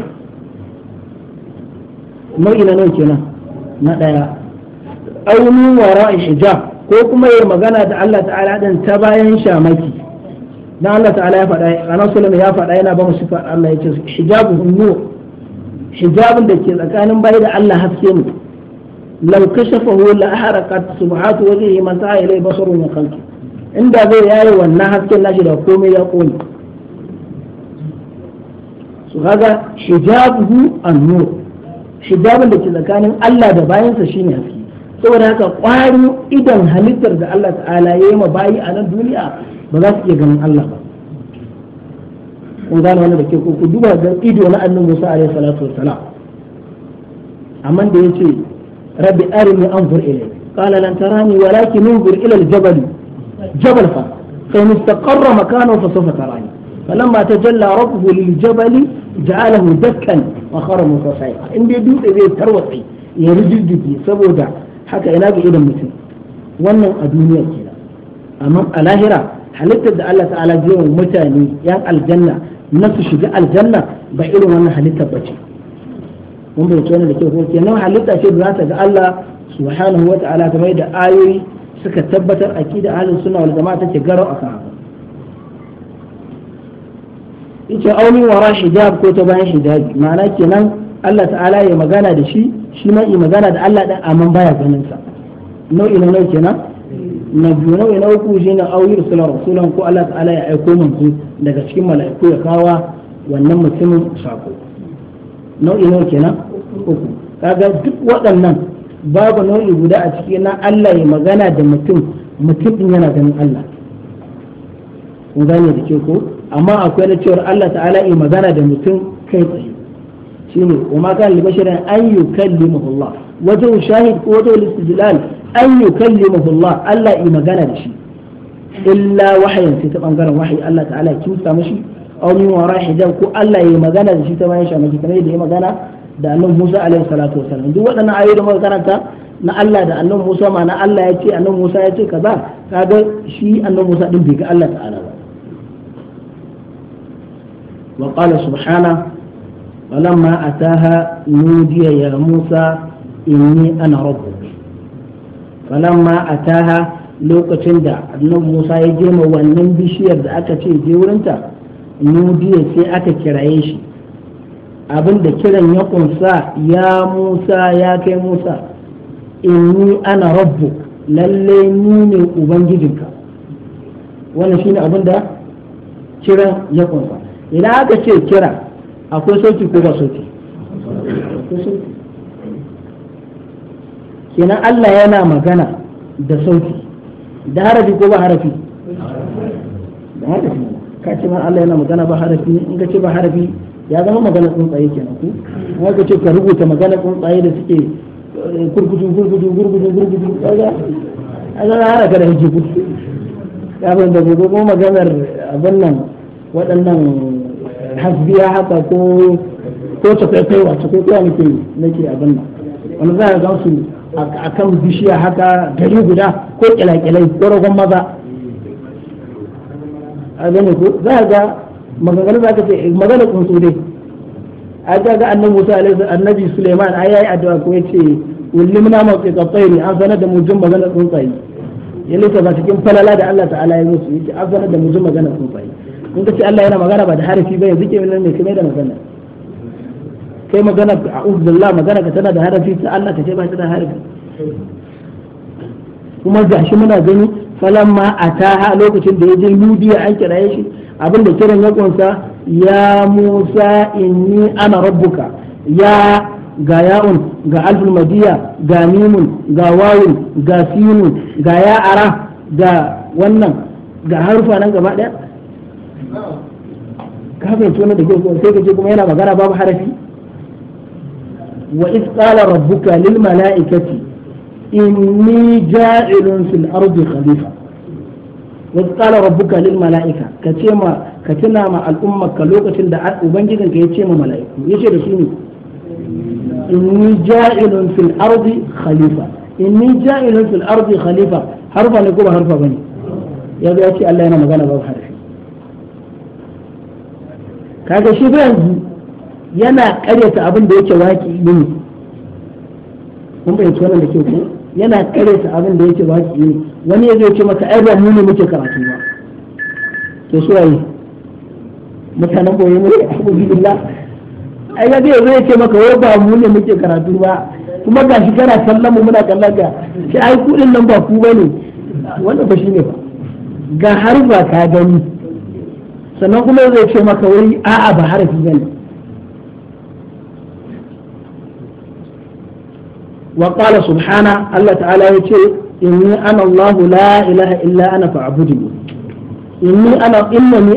nau'i na nan kenan na ɗaya aunin wara hijab ko kuma yi magana da Allah ta'ala din ta bayan shamaki dan Allah ta'ala ya faɗa anan sulama ya faɗa yana ba mu sifar Allah ya ce hijabu nur hijabun da ke tsakanin bai da Allah haske ne law kashafahu la ahraqat subhatu wajhihi man ta'ala ilay basarun khalqi inda zai yayi wannan hasken nashi da komai ya kone su kaga hijabuhu an-nur hijabun da ke tsakanin Allah da bayansa shine haske saboda haka ƙwari idan halittar da Allah ta'ala ya yi ma bayi a nan duniya ba za su iya ganin Allah ba kun gane wannan da ke ko ku duba ga ido na annabi Musa alaihi salatu wassalam amma da yace rabbi arini anzur ilayk qala lan tarani walakin anzur ila al-jabal jabal fa fa mustaqarra makanahu فلما تجلى ربه للجبل ja'alahu dakkan wa khara musasai in dai dutse zai tarwatsa ya rijiddige saboda haka ina ga idan mutum wannan a duniya kenan amma a lahira halittar da Allah ta'ala zai wa mutane yan aljanna na su shiga aljanna ba irin wannan halittar ba ce mun bai tona da kyau ko kenan halitta ce da za ta ga Allah subhanahu wa ta'ala kamar da ayoyi suka tabbatar aqida ahlus sunna wal jama'a take garo akan haka yace aumin wara hijab ko ta bayan hijabi ma'ana kenan Allah ta'ala ya magana da shi shi ma yi magana da Allah din amma baya ganin sa nau'i na nau'i kenan na biyu nau'i na uku shine auyi rasulun rasulun ko Allah ta'ala ya aiko manzo daga cikin mala'iku ya kawa wannan mutumin sako nau'i nau'i kenan uku kaga duk waɗannan babu nau'i guda a cikin na Allah ya magana da mutum mutum din yana ganin Allah ku gane da ke ko amma akwai na cewar Allah ta'ala yi magana da mutum kai tsaye shine wa ma kana libasharin an kalli Allah wajen shahid ko wajen istidlal an kalli Allah Allah yi magana da shi illa wahayin sai ta bangaren wahayi Allah ta'ala ya kimsa mashi aw min wara hijab ko Allah yi magana da shi ta bayan shamaki kamar yadda ya magana da annabi Musa alaihi salatu wa salam duk waɗannan ayoyi da muka karanta na Allah da annabi Musa ma na Allah ya ce annabi Musa ya ce kaza kaga shi annabi Musa din bai ga Allah ta'ala ba وقال سبحانه فلما أتاها نودي يا موسى إني أنا ربك فلما أتاها lokacin da annabi Musa ya je wannan bishiyar da aka ce je wurinta nudiya sai aka kiraye shi abin da kiran ya kunsa ya Musa ya kai Musa inni ana rabbu lalle ni ne ubangijinka wannan shine abin da kiran ya kunsa idan aka ce kira akwai sauki ko ba sauki kenan Allah yana magana da sauki da harafi ko ba harafi da harafi ka ce ma Allah yana magana ba harafi in ka ce ba harafi ya zama magana tsuntsaye kenan ku in ka ce ka rubuta magana tsuntsaye da suke eh, gurgudu gurgudu gurgudu gurgudu kaga an zama haraka da hijji gudu ya ban da gobe kuma maganar abin nan waɗannan hasbiya haka ko ko ta kai wace ko kowa nake nake abin nan wani za a gan su a kan bishiya haka gari guda ko kyalakyalai ko ragon maza a gane ko za a ga maganganu za ka ce eh, magana kunsu dai a ga ga annabi Musa alaihi annabi Sulaiman ai yayi addu'a ko yace ulimna ma fi qatayri an sanar da mu jin magana tsuntsaye ya lissa ba cikin falala da Allah ta'ala ya musu yace an sanar da mu jin magana tsuntsaye in ka ce Allah yana magana ba da harafi ba yanzu ke nan ne kuma da magana kai magana a uzbillah magana ka tana da harafi ta Allah ka ce ba ta da harafi kuma gashi muna gani falamma ataha lokacin da ya je nudiya an kira shi abin da kiran ya kunsa ya Musa inni ana rabbuka ya ga ya'un ga alful madiya ga mimun ga wawun ga sinun ga ya'ara ga wannan ga harufa nan gaba daya ka fahimci wannan da kyau sai ka ce kuma yana magana babu harafi wa iz qala rabbuka lil mala'ikati inni ja'ilun fil ardi khalifa wa iz qala rabbuka lil mala'ika ka ce ma ka tuna ma al'ummarka lokacin da ubangijinka ya ce ma mala'iku ya ce da su ne inni ja'ilun fil ardi khalifa inni ja'ilun fil ardi khalifa harfa ne ko ba harfa bane ya ya ce Allah yana magana babu harfi kaga shi ba yanzu yana karyata abin da yake waki ne kun bai wannan da ke ko yana karyata abin da yake waki ne wani ya zo ce maka ai ba mu ne muke karatu ba to su waye mutanen boye mu abu billah ai ya zai ya ce maka wai ba mu ne muke karatu ba kuma gashi kana kallon mu muna kallon ga sai ai kudin nan ba ku bane wannan ba shine ba ga har ba ka gani sannan kuma zai ce maka wuri a'a ba harafi bane wa qala subhana Allah ta'ala ya ce inni ana Allah la ilaha illa ana inni ana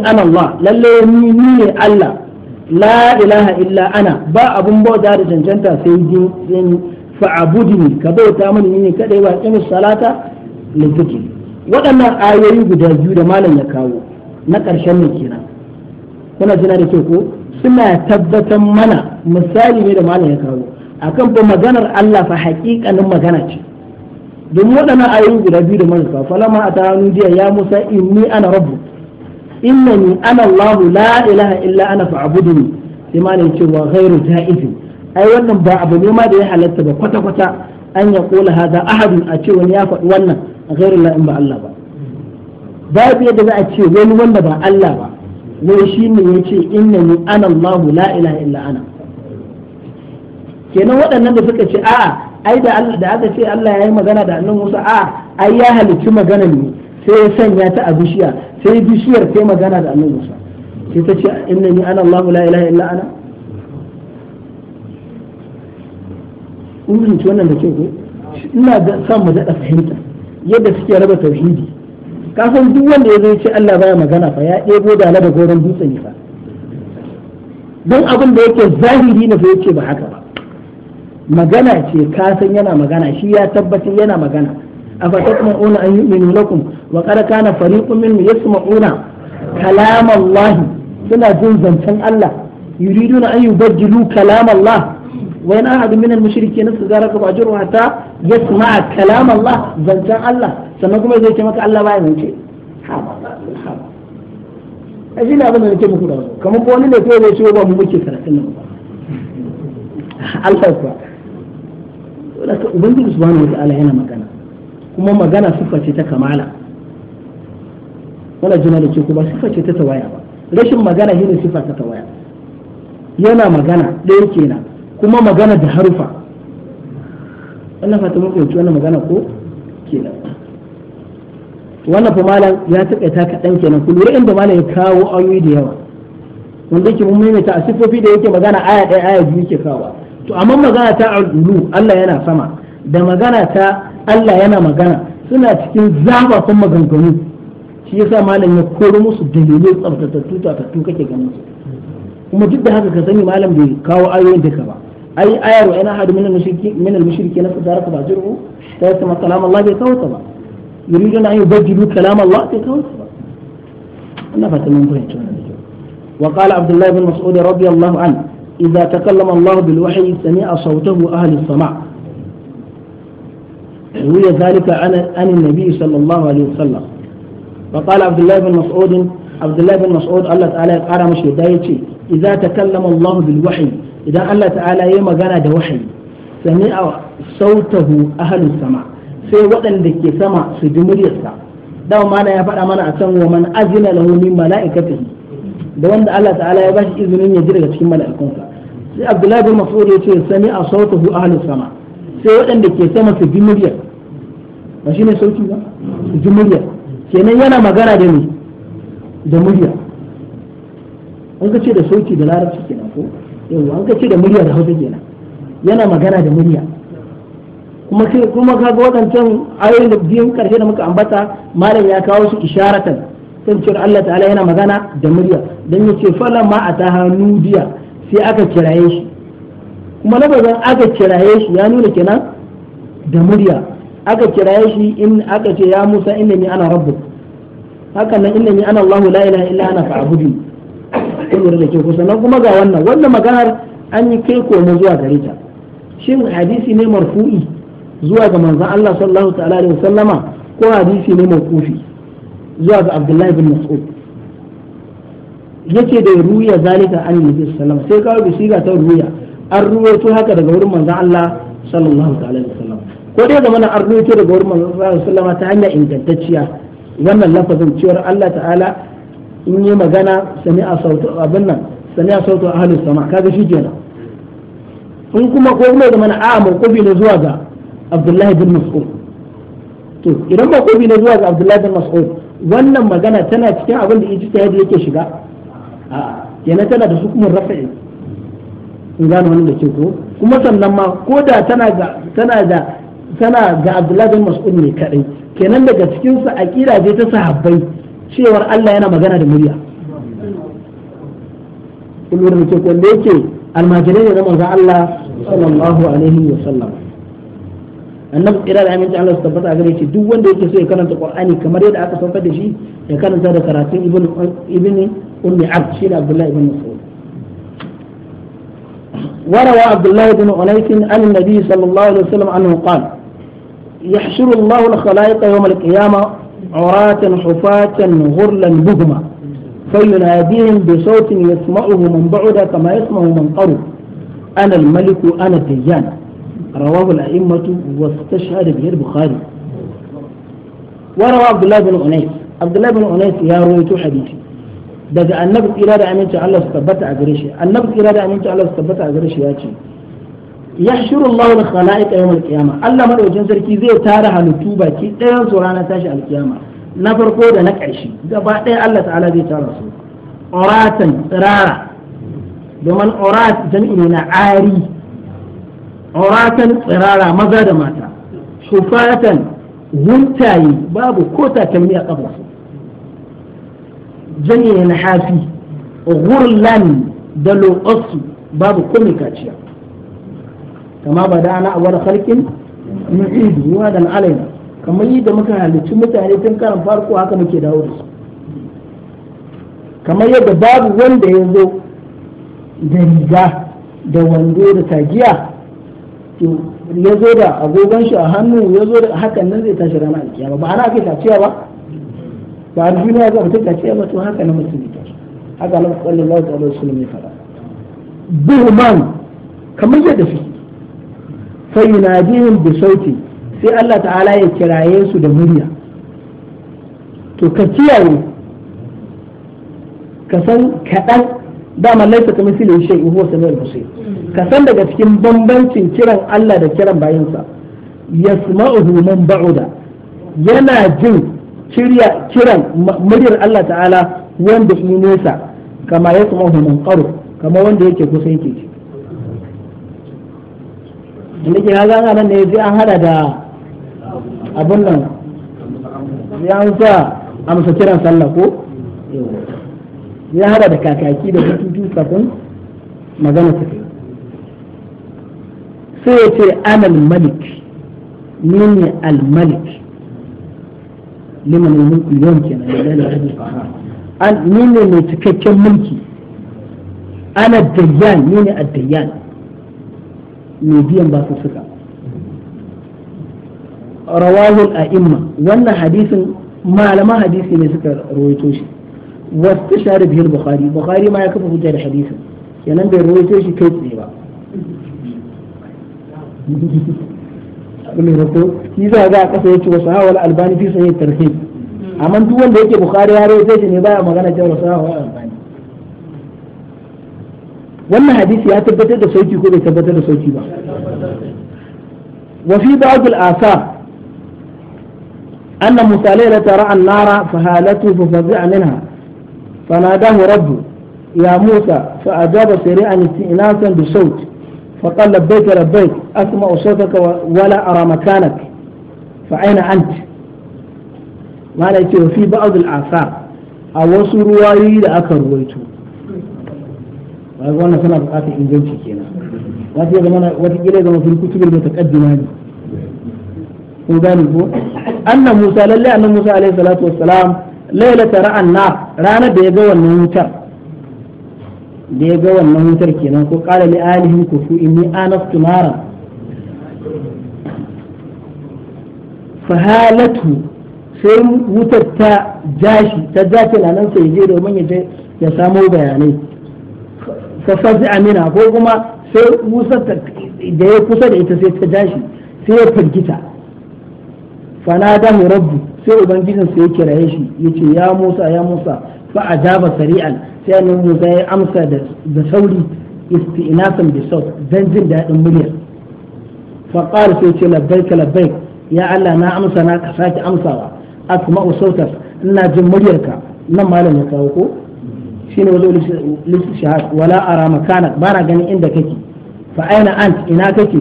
ana Allah lalle ni ne Allah la ilaha illa ana ba abun bauta da cancanta sai din ni fa'budni ka bauta mani ni ne kadai wa salata li waɗannan ayoyi guda biyu da malam ya kawo na ƙarshen ne kenan kuna jina da ke ko suna tabbatar mana misali ne da malam ya kawo akan ba maganar Allah fa haƙiƙanin magana ce Don waɗannan ayoyi guda biyu da muka falama a tahanun jiya ya musa inni ana rabbu innani ana Allah la ilaha illa ana fa'buduni sai malam ya ce wa ghairu ta'ifin ai wannan ba abu ne ma da ya halatta ba kwata kwata an ya kula hada ahadun a ce wani ya faɗi wannan ghairu la in ba Allah ba babu yadda za a ce wani wanda ba Allah ba wai shi ne ya ce inna ni ana Allahu la ilaha illa ana kenan waɗannan da suka ce a'a ai da Allah da aka ce Allah ya yi magana da annan Musa a'a ai ya halicci magana ne sai ya sanya ta a bishiya sai bishiyar ta magana da annan Musa sai ta ce inna ni ana Allahu la ilaha illa ana in wannan da ke ku, ina son mu daɗa fahimta yadda suke raba tauhidi kafin duk wanda ya zo ce Allah baya magana fa ya ɗebo da da goron dutse ne fa don abin da yake zahiri na zo yace ba haka ba magana ce ka san yana magana shi ya tabbatar yana magana afatatma'una an yu'minu lakum wa qad kana fariqun minhum yasma'una kalamallahi suna jin zancen Allah yuridu an yubaddilu kalamallahi wani ahad min al-mushriki nasu zara ka bajiru hatta yasma'a kalam Allah zancan Allah sannan kuma zai ce Allah baya mance a shi ne abin da nake muku da wasu kamar ko wani ne ko zai ce ba mu muke karatun nan Allah kuwa wanda ka ubangiji subhanahu wa ta'ala yana magana kuma magana sifa ce ta kamala wala jina da ke kuma sifa ce ta tawaya ba rashin magana shine sifa ta tawaya yana magana ɗaya kenan kuma magana da harufa wannan fata muka fahimci wannan magana ko kenan wannan fa malam ya taƙaita kaɗan kenan ku lura inda malam ya kawo ayoyi da yawa wanda yake mun maimaita a siffofi da yake magana aya ɗaya aya biyu yake kawo to amma magana ta al'ulu Allah yana sama da magana ta Allah yana magana suna cikin zafafin maganganu shi yasa malam ya koro musu dalilai tsaftatattu tatattu kake ganin su kuma duk da haka ka sani malam bai kawo ayoyin duka ba أي آية وإن أحد من المشركين من المشركين في دارك فاجره فيسمع كلام الله يتوتم يريدون أن يبجلوا كلام الله يتوتم أنا فاتمين وقال عبد الله بن مسعود رضي الله عنه إذا تكلم الله بالوحي سمع صوته أهل السماء روي ذلك عن عن النبي صلى الله عليه وسلم وقال عبد الله بن مسعود عبد الله بن مسعود الله تعالى قال مش إذا تكلم الله بالوحي idan Allah ta'ala ya magana da wahayi sami a sautahu ahalus sama sai waɗanda ke sama su ji muryarsa dawa mana ya faɗa mana a can wa man azina lahu min mala'ikatihi da wanda Allah ta'ala ya bashi izinin ya ji daga cikin mala'ikunsa sai Abdullahi bin Mas'ud ya ce sami a sautahu ahalus sama sai waɗanda ke sama su ji muryar ba shine sauti ba su ji muryar kenan yana magana da ni da murya an ka ce da sauki da larabci kenan ko yau an ka ce da murya da hausa kenan yana magana da murya kuma kuma kaga waɗancan ayoyin da biyun karshe da muka ambata malam ya kawo su isharatan kan cewa Allah ta'ala yana magana da murya dan yace fala ma ataha nudiya sai aka kiraye shi kuma lafazin aka kiraye shi ya nuna kenan da murya aka kiraye shi in aka ce ya Musa innani ana rabbuk hakan nan innani ana Allah la ilaha illa ana fa'budu kun lura da ke kusa na kuma ga wannan wannan maganar an yi kai komo zuwa gare ta shin hadisi ne marfu'i zuwa ga manzon Allah sallallahu ta'ala alaihi wasallama ko hadisi ne mawqufi zuwa ga Abdullahi bin Mas'ud yake da ruya zalika an nabi sallallahu sai kawai sai kawo ta ruya an ruwaito haka daga wurin manzon Allah sallallahu ta'ala alaihi wasallam ko dai zamanin an ruwaito daga wurin manzon Allah sallallahu alaihi wasallama ta hanya ingantacciya wannan lafazin cewar Allah ta'ala in yi magana sami a sautu abin nan sami a sautu a halin sama kaga shi kenan in kuma ko kuma da mana a kofi ne zuwa ga Abdullahi bin Mas'ud to idan kofi ne zuwa ga Abdullahi bin Mas'ud wannan magana tana cikin abin da ijtihadi yake shiga a kenan tana da kuma rafa'i in gano wani da ke ko kuma sannan ma ko da tana ga tana tana ga Abdullahi bin Mas'ud ne kadai kenan daga cikin sa aqida ta sahabbai cewar Allah yana magana da murya kullum da ke kwanda yake almajirai ne na manzon Allah sallallahu alaihi wa sallam annabi tsira da aminci Allah su tabbata gare shi duk wanda yake so ya karanta Qur'ani kamar yadda aka saukar da shi ya karanta da karatun ibn ibn ummi abd shi da Abdullahi ibn Mas'ud وروى عبد الله بن أنيس عن النبي صلى الله عليه وسلم أنه قال يحشر الله الخلائق يوم القيامة عراة حفاة غرلا بهما فيناديهم بصوت يسمعه من بعد كما يسمع من قرب أنا الملك أنا الديان رواه الأئمة واستشهد به البخاري وروى عبد الله بن أنيس عبد الله بن أنيس يا رويت حديثي daga annabi tsira da aminci Allah su tabbata a gare shi annabi tsira da aminci Allah su tabbata a gare shi ya ce yashuru Allah da khalaiq yawm al Allah madaukin sarki zai tara halittu baki ɗayan su ranar tashi alkiyama na farko da na ƙarshe gaba ɗaya Allah ta'ala zai tara su oratan tsirara domin orat jam'i ne na ari oratan tsirara maza da mata shufatan huntaye babu ko takalmi a kafa na hafi ghurlan da lo'asu babu komai kaciya kama ba da ana awar halkin nu'idu wa dan alaina kamar yadda muka halicci mutane tun karan farko haka muke dawo da su kamar yadda babu wanda ya zo da riga da wando da tagiya ya zo da agogon shi a hannu ya zo da hakan nan zai tashi rana kiyama ba ana ake tafiya ba ba a duniya za mutum tafiya ba to haka na mutum ne tashi haka na sallallahu alaihi wasallam ya faɗa buhman kamar yadda fi fa yunadihim bi sauti sai Allah ta'ala ya kiraye su da murya to ka kiyaye ka san kaɗan dama laisa ka misali shay huwa samiul basir ka san daga cikin bambancin kiran Allah da kiran bayinsa yasma'uhu man ba'uda yana jin kirya kiran muryar Allah ta'ala wanda yi nesa kama yasma'uhu man qarib kama wanda yake kusa yake inda ke ga ana ne sai an hada da abun nan sai an a amsa kiran sallah ko ya hada da kakaki da tutu kafin magana ta kai sai ya ce anal malik ni ne al malik liman mulku yawm kenan da lalata an ni ne mai cikakken mulki ana dayyan ni ne ad-dayyan mai biyan ba su suka rawahul a'imma wannan hadisin malama hadisi ne suka rawaito shi wasu share biyar bukhari bukhari ma ya kafa hujja da hadisin kenan bai rawaito shi kai tsaye ba mai rato shi za ga kasa yace wasu hawal albani fi sahih tarhib amma duk wanda yake bukhari ya rawaito shi ne baya magana cewa wasu hawal albani wannan hadisi ya tabbatar da sauki ko bai tabbatar da sauki ba wa fi ba'd al-asar anna musa layla tara an-nara fa halatu fa fazi'a minha fanadahu rabbu ya musa fa ajaba sari'an istinasan bi sawt fa qala labbayka labbayk asma'u sawtaka wa la ara makanak fa aina ant mala yake fi ba'd al-asar a wasu ruwayoyi da aka ruwaito wai wannan suna bukatar inganci kenan wata ya zama wata kila zama fil kutubul mutaqaddima ne ko gani ko anna Musa lalle anna Musa alaihi salatu wassalam lailata ra'anna ranar da ya ga wannan wutar da ya ga wannan wutar kenan ko qala li alihim kufu inni anastu nara fahalatu sai wutar ta jashi ta jashi lanan sai je domin ya samo bayanai fa fazi amina ko kuma sai musa da ya kusa da ita sai ta jashi sai ya fargita firgita fanadahu rabbu sai ubangijin sai ya kiraye shi ya ce ya musa ya musa fa ajaba sari'an sai annabi musa ya amsa da sauri istinasan bi saut dan jin dadin muryar fa qala sai ce labbaik labbaik ya Allah na amsa na ka sake amsawa asma'u sautas ina jin muryarka nan malam ya kawo ko shine wazo lissu shahad wala ara makana ba na ganin inda kake fa aina ant ina kake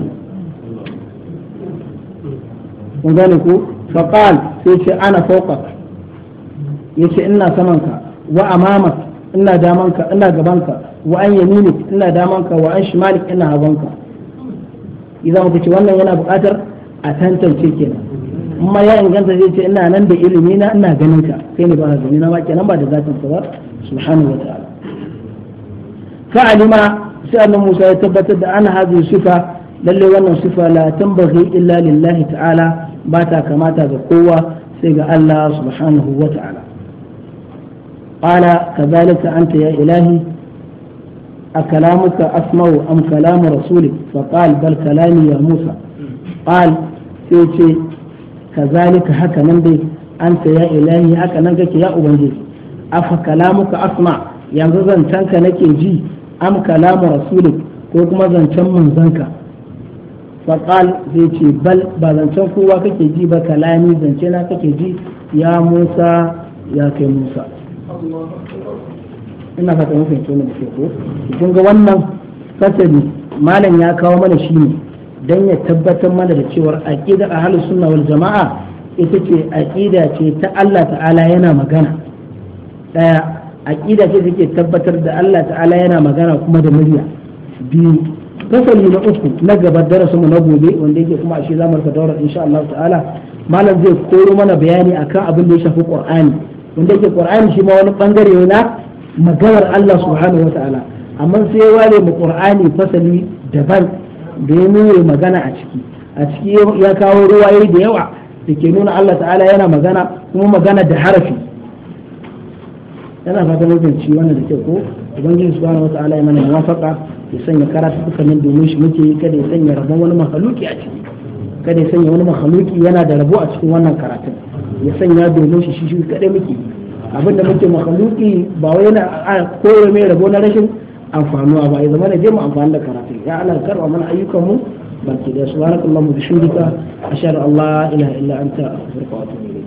kun gane ku fa qal sai ce ana fawqa yace ina samanka wa amamak ina damanka ina gabanka wa an yaminik ina damanka wa an shimalik ina habanka idan muka ce wannan yana buƙatar a tantance kenan amma ya inganta zai ce ina nan da ilimi na ina ganin ka kai ne ba na gani na ma kenan ba da zatin ba subhanahu wa ta'ala fa'alima sai annabi Musa ya tabbatar da ana hadhihi sifa lallai wannan sifa la tambaghi illa lillahi ta'ala ba ta kamata ga kowa sai ga Allah subhanahu wa ta'ala qala kadhalika anta ya ilahi أكلامك أسمع أم كلام رسولك فقال بل كلامي يا موسى قال سيتي كذلك هكا من أنت يا إلهي هكا نجك يا أبنجيك afa kalamuka asma yanzu zancenka nake ji am kalamu rasulik ko kuma zancen manzanka faƙal zai ce bal ba zancen kowa kake ji ba kalami zance na kake ji ya musa ya kai musa ina ka mun fahimci wannan da ko kun ga wannan fasali malam ya kawo mana shi ne dan ya tabbatar mana da cewa aqida ahlus sunna wal jamaa ita ce aqida ce ta Allah ta'ala yana magana ɗaya aƙida ce take tabbatar da Allah ta'ala yana magana kuma da murya biyu fasali na uku na gaba darasin mu na gobe wanda yake kuma a shi zamu rika daura insha Allah ta'ala malam zai koro mana bayani akan abin da ya shafi Qur'ani wanda yake Qur'ani shi ma wani bangare na maganar Allah subhanahu wa ta'ala amma sai ya ware mu Qur'ani fasali daban da ya nuna magana a ciki a ciki ya kawo ruwaye da yawa da ke nuna Allah ta'ala yana magana kuma magana da harafi yana fatan mutunci wannan da kyau ko ubangiji subhanahu wataala ya mana muwafaqa ya sanya karatu dukkanin domin shi muke kada ya sanya rabon wani mahaluki a ciki kada ya sanya wani mahaluki yana da rabo a cikin wannan karatun ya sanya domin shi shi kadai muke abinda muke mahaluki ba wai yana koyo mai rabo na rashin amfanuwa ba ya zama na je mu amfani da karatun ya Allah karba mana ayyukanmu baki da subhanakallahumma bihamdika ashhadu an la ilaha illa anta astaghfiruka wa atubu ilayk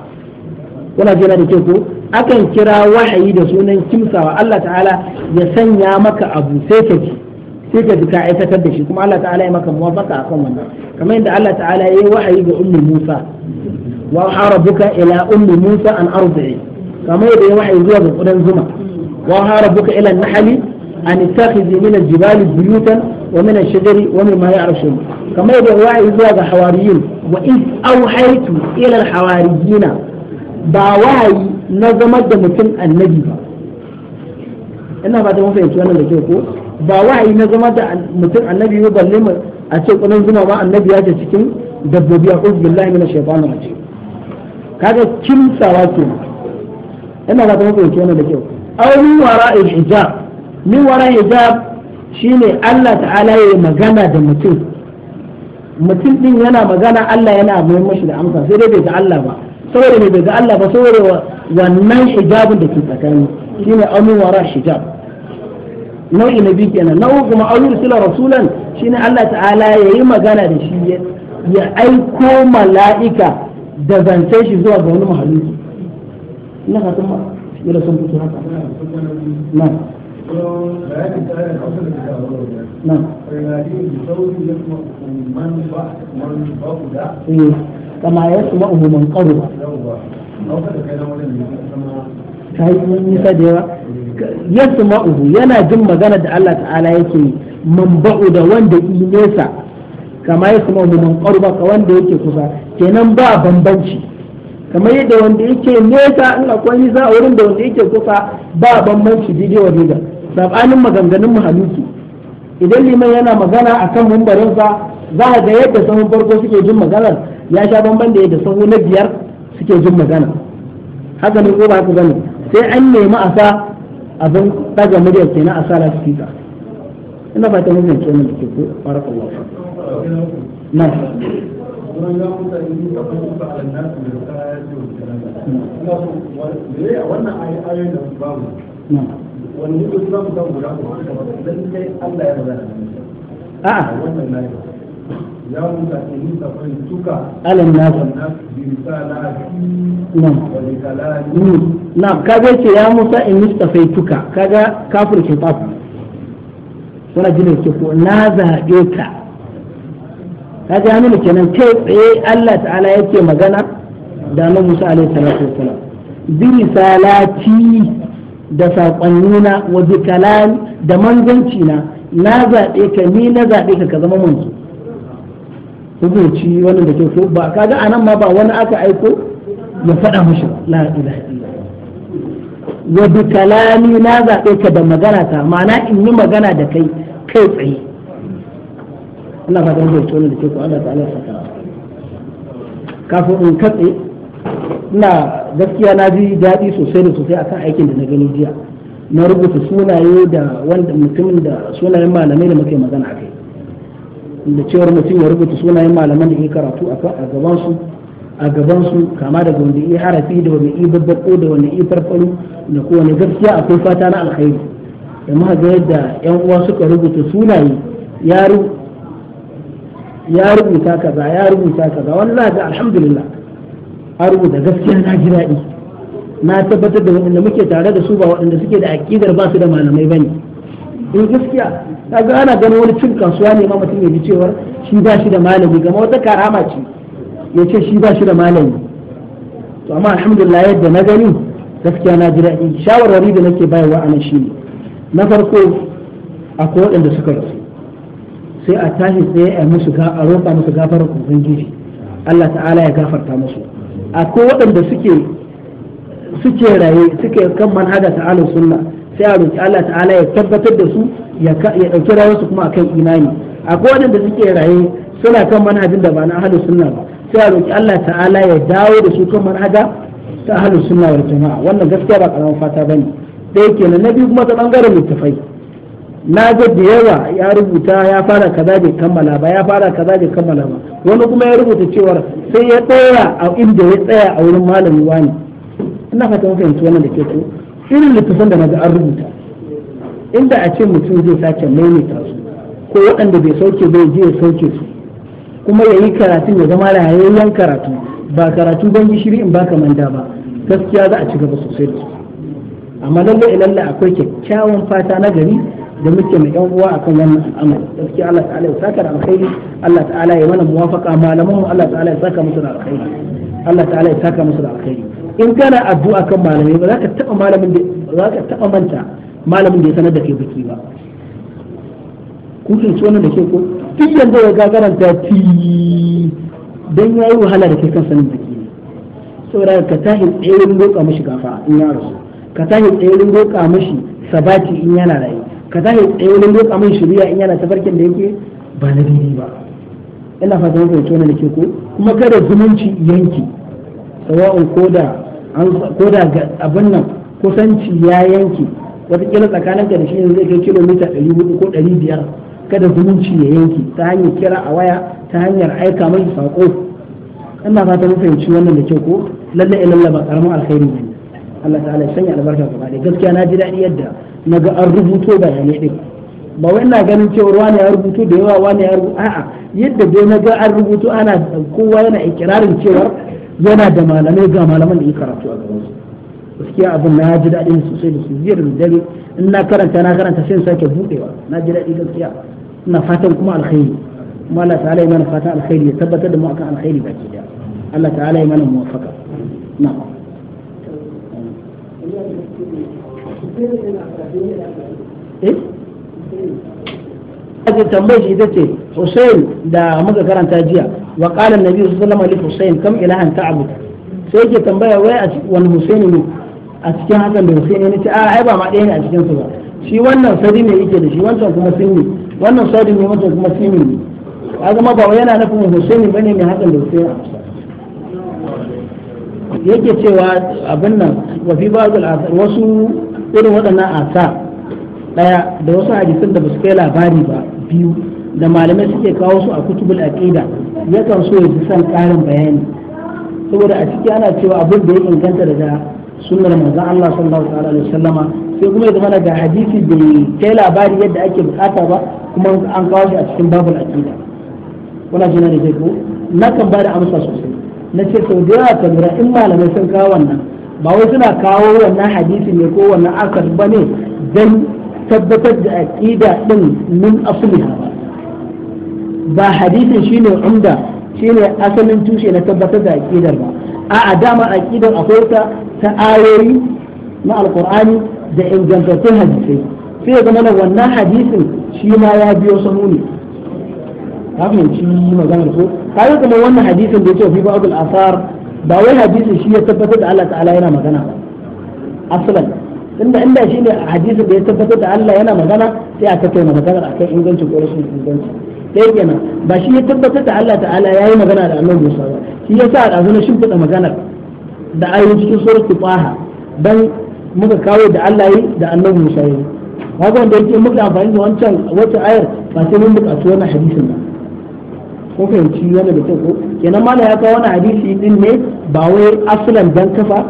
kuna jira da ke ko akan kira wahayi da sunan kimsawa Allah ta'ala ya sanya maka abu sai ka ji sai ka ji ka aikatar da shi kuma Allah ta'ala ya maka muwafaka akan wannan kamar yadda Allah ta'ala ya yi wahayi ga ummu Musa wa harabuka ila ummi Musa an arzi'i kamar yadda ya wahayi zuwa ga kudan zuma wa harabuka ila nahli an takhidhi min al-jibali buyutan wa min ash-shajari wa mimma ya'rishun kamar yadda ya wahayi zuwa ga hawariyun wa in awhaytu ila al-hawariyina ba wahayi na zama da mutum annabi ba ina ba ta mafi wannan da ke ko ba wahayi na zama da mutum annabi ba balle a ce kunan zuma ba annabi ya ce cikin dabbobi a ƙudu billahi mina shaitanu a ce kaga kimsawa ke ina ba ta mafi wannan da ke ko au min hijab min wara'il hijab shine Allah ta'ala ya magana da mutum mutum din yana magana Allah yana mai mashi da amsa sai dai bai ta Allah ba saboda mai bai ga Allah ba saboda wannan hijabin da ke tsakani shine amin wara hijab nau'i na biyu kenan na uku kuma amin sila rasulan shine Allah ta'ala ya yi magana da shi ya aiko mala'ika da zance shi zuwa ga wani mahaluki ina fatan ma yadda sun fito haka na na kama ya su ma'uhu man ƙaru ta yana jin magana da Allah ta'ala yake yi man da wanda yi nesa kama ya su ma'uhu man ƙaru ka wanda yake kusa kenan ba bambanci kamar yadda wanda yake nesa in akwai nisa a wurin da wanda yake kusa ba bambanci daidai wa daidai sabanin maganganun mahaluki idan liman yana magana a kan mumbarinsa za a ga yadda sahun farko suke jin maganar ya sha bamban da yadda sahu na biyar suke jin magana haka ne ko ba haka gani sai an nemi a sa abin daga muryar na a sa speaker ina fata ta yanke mun ke ko barakallahu na wannan ayoyin da wani yi guda يوم تأتيني تفيتك على ce ya musa in يا موسى إني استفيتك ke كافر خطاب suna jinin ko na zaɓe ka ka ji hannu kenan kai tsaye Allah ta'ala yake magana da na Musa alai salatu wasalam bi risalati da saƙonnina wa bi da manzanci na na zaɓe ka ni na zaɓe ka ka zama manzo hukunci wannan da ke so ba kaga anan ma ba wani aka aiko ya faɗa mushi la ilaha wa bi kalami na zaɓe ka da magana ta ma'ana in yi magana da kai kai tsaye Allah ba ta zai tona da ke ko Allah ta'ala saka kafin in katse ina gaskiya na ji daɗi sosai da sosai akan aikin da na gani jiya na rubuta sunaye da wanda mutumin da sunayen malamai da muke magana a kai da cewar mutum ya rubuta sunayen malaman da ke karatu a gabansu a gabansu kama daga wanda iya harafi da wanda iya babbako da wanda iya farfaro da ko wani gaskiya akwai fata na alkhairi da ma ga yadda yan uwa suka rubuta sunaye ya rubuta kaza ya rubuta kaza wallahi za alhamdulillah a rubuta gaskiya na ji daɗi na tabbatar da waɗanda muke tare da su ba waɗanda suke da aƙidar ba su da malamai bane in eh, gaskiya ga ana ganin wani cin kasuwa ne ma mutum ya ji cewar shi ba shi da malami gama wata karama ce ya ce shi ba shi da malami to amma alhamdulillah yadda na gani gaskiya na ji daɗi shawarwari da nake bayarwa a nan shine na farko akwai waɗanda suka rasu sai a tashi tsaye a musu ga a roƙa musu gafarar ubangiji Allah ta'ala ya gafarta musu akwai waɗanda suke suke raye suke kan manhaja ta'ala sunna sai a roƙi Allah ta'ala ya tabbatar da su ya ɗauki su kuma akan imani akwai waɗanda suke raye suna kan manhajin da ba na ahlus sunna ba sai a roƙi Allah ta'ala ya dawo da su kan manhaja ta ahlus sunna wal jama'a wannan gaskiya ba karamin fata bane dai kenan na biyu kuma ta bangaren littafai na ga da yawa ya rubuta ya fara kaza bai kammala ba ya fara kaza bai kammala ba wani kuma ya rubuta cewa sai ya tsaya a inda ya tsaya a wurin malami wani ina fata mun fahimci wannan da ke ko irin littafin da naga an rubuta inda a ce mutum zai sake maimaita su ko waɗanda bai sauke bai je ya sauke su kuma ya yi karatun ya zama rayayyen karatu ba karatu don gishiri in baka manda ba gaskiya za a ci gaba sosai da su amma lalle lalle akwai kyakkyawan fata na gari da muke mai yan uwa akan wannan al'amari gaskiya Allah ta'ala ya saka da alkhairi Allah ta'ala ya mana muwafaqa malaman mu Allah ta'ala ya saka musu da alkhairi Allah ta'ala ya saka musu da alkhairi in kana addu'a kan malamai ba za ka taba malamin da za ka taba manta malamin da ya sanar da kai baki ba ku tsona da ke ko duk yanda ya ga karanta ti dan yayi wahala da kai kan sanin baki ne saboda ka tahi tsayin doka mishi gafa in ya rasu ka tahi tsayin doka mishi sabati in yana rayu ka tahi tsayin doka mishi shiriya in yana tafarkin da yake ba na dini ba ina fatan ku tsona da ke ko kuma kada zumunci yanki sawa'un ko da ko da abin nan kusanci ya yanke watakila tsakanin ka da shi zai kai kilomita 400 ko 500 kada zumunci ya yanke ta hanyar kira a waya ta hanyar aika mai sako ina fata mun fahimci wannan da kyau ko lalle lalla ba karamin alkhairi ne Allah ta'ala ya sanya albarka gaba da gaskiya na ji daɗi yadda na ga an rubuto bayanai din ba wai ina ganin cewa wani ya rubuto da yawa wani ya rubuto a'a yadda dai na ga an rubuto ana kowa yana ikirarin cewa yana da malamai ga malaman da yi karatu a gaban su gaskiya abin na ji daɗin sosai da su biyar da dare in na karanta na karanta sai sake buɗewa na ji daɗi gaskiya ina fatan kuma alkhairi kuma Allah ta'ala ya mana fatan alkhairi ya tabbatar da mu akan alkhairi baki daya Allah ta'ala ya mana muwaffaqa eh ake tambaye shi ita ce Hussein da muka karanta jiya wa qala annabi sallallahu alaihi wasallam kam ilahan ta'bud sai yake tambaya wai a wani Hussein ne a cikin hakan da Hussein ne ce a ai ba ma ɗaya ne a cikin su ba shi wannan sadi ne yake da shi wancan kuma sunni wannan sadi ne wancan kuma sunni ne a zama ba yana nufin Hussein ne mai hakan da Hussein yake cewa abin nan wa fi ba'd al wasu irin waɗannan asar daya da wasu hadisan da ba su kai labari ba biyu da malamai suke kawo su a kutubul aqida yakan so ya ji san karin bayani saboda a ciki ana cewa abin da ya inganta daga sunnar manzon Allah sallallahu alaihi wasallama sai kuma ya zama ga hadisi da kai labari yadda ake bukata ba kuma an kawo shi a cikin babul aqida kuna jina da kai ko na kan bada amsa sosai na ce sau da yawa kalura in malamai sun kawo wannan ba wai suna kawo wannan hadisi ne ko wannan akar ba ne dan tabbatar da aƙida ɗin min asuliha ba hadisin shine umda shine asalin tushe na tabbatar da aƙidar ba a'a dama aƙidar akwai ta ta ayoyi na alkur'ani da ingantattun hadisai sai ya zama wannan hadisin shi ma ya biyo sahu ne ka fahimci maganar ko ka yi kuma wannan hadisin da ya ce fi ba'd al-asar ba wai hadisin shi ya tabbatar da Allah ta'ala yana magana ba asalan tunda da shi ne hadisin da ya tabbatar da Allah yana magana sai a tattauna maganar akan inganci ko rashin inganci dai kenan ba shi ya tabbatar da Allah ta'ala yayi magana da Annabi Musa ba shi yasa da azuna shin fada maganar da ayoyin cikin suratul Taha dan muka kawo da Allah yi da Annabi Musa yi kaga wanda yake muka amfani da wancan wata ayar ba sai mun buƙaci wannan hadisin ba ko fahimci yana da kyau ko kenan mala ya kawo wannan hadisi din ne ba wai asulan dan kafa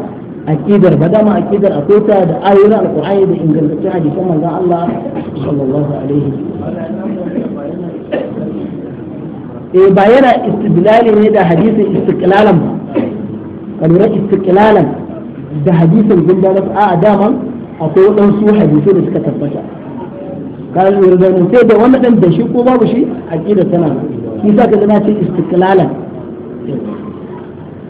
aqidar ba dama aqidar akwai ta da ayoyin alqur'ani da ingantaccen hadisan manzon Allah sallallahu alaihi eh ba yana istidlali ne da hadisin istiqlalan ba kalura istiqlalan da hadisin gunda na a dama akwai waɗansu hadisai da suka tabbata kan lura da sai da wannan da shi ko babu shi aqidar tana shi sa ka zama ce istiqlalan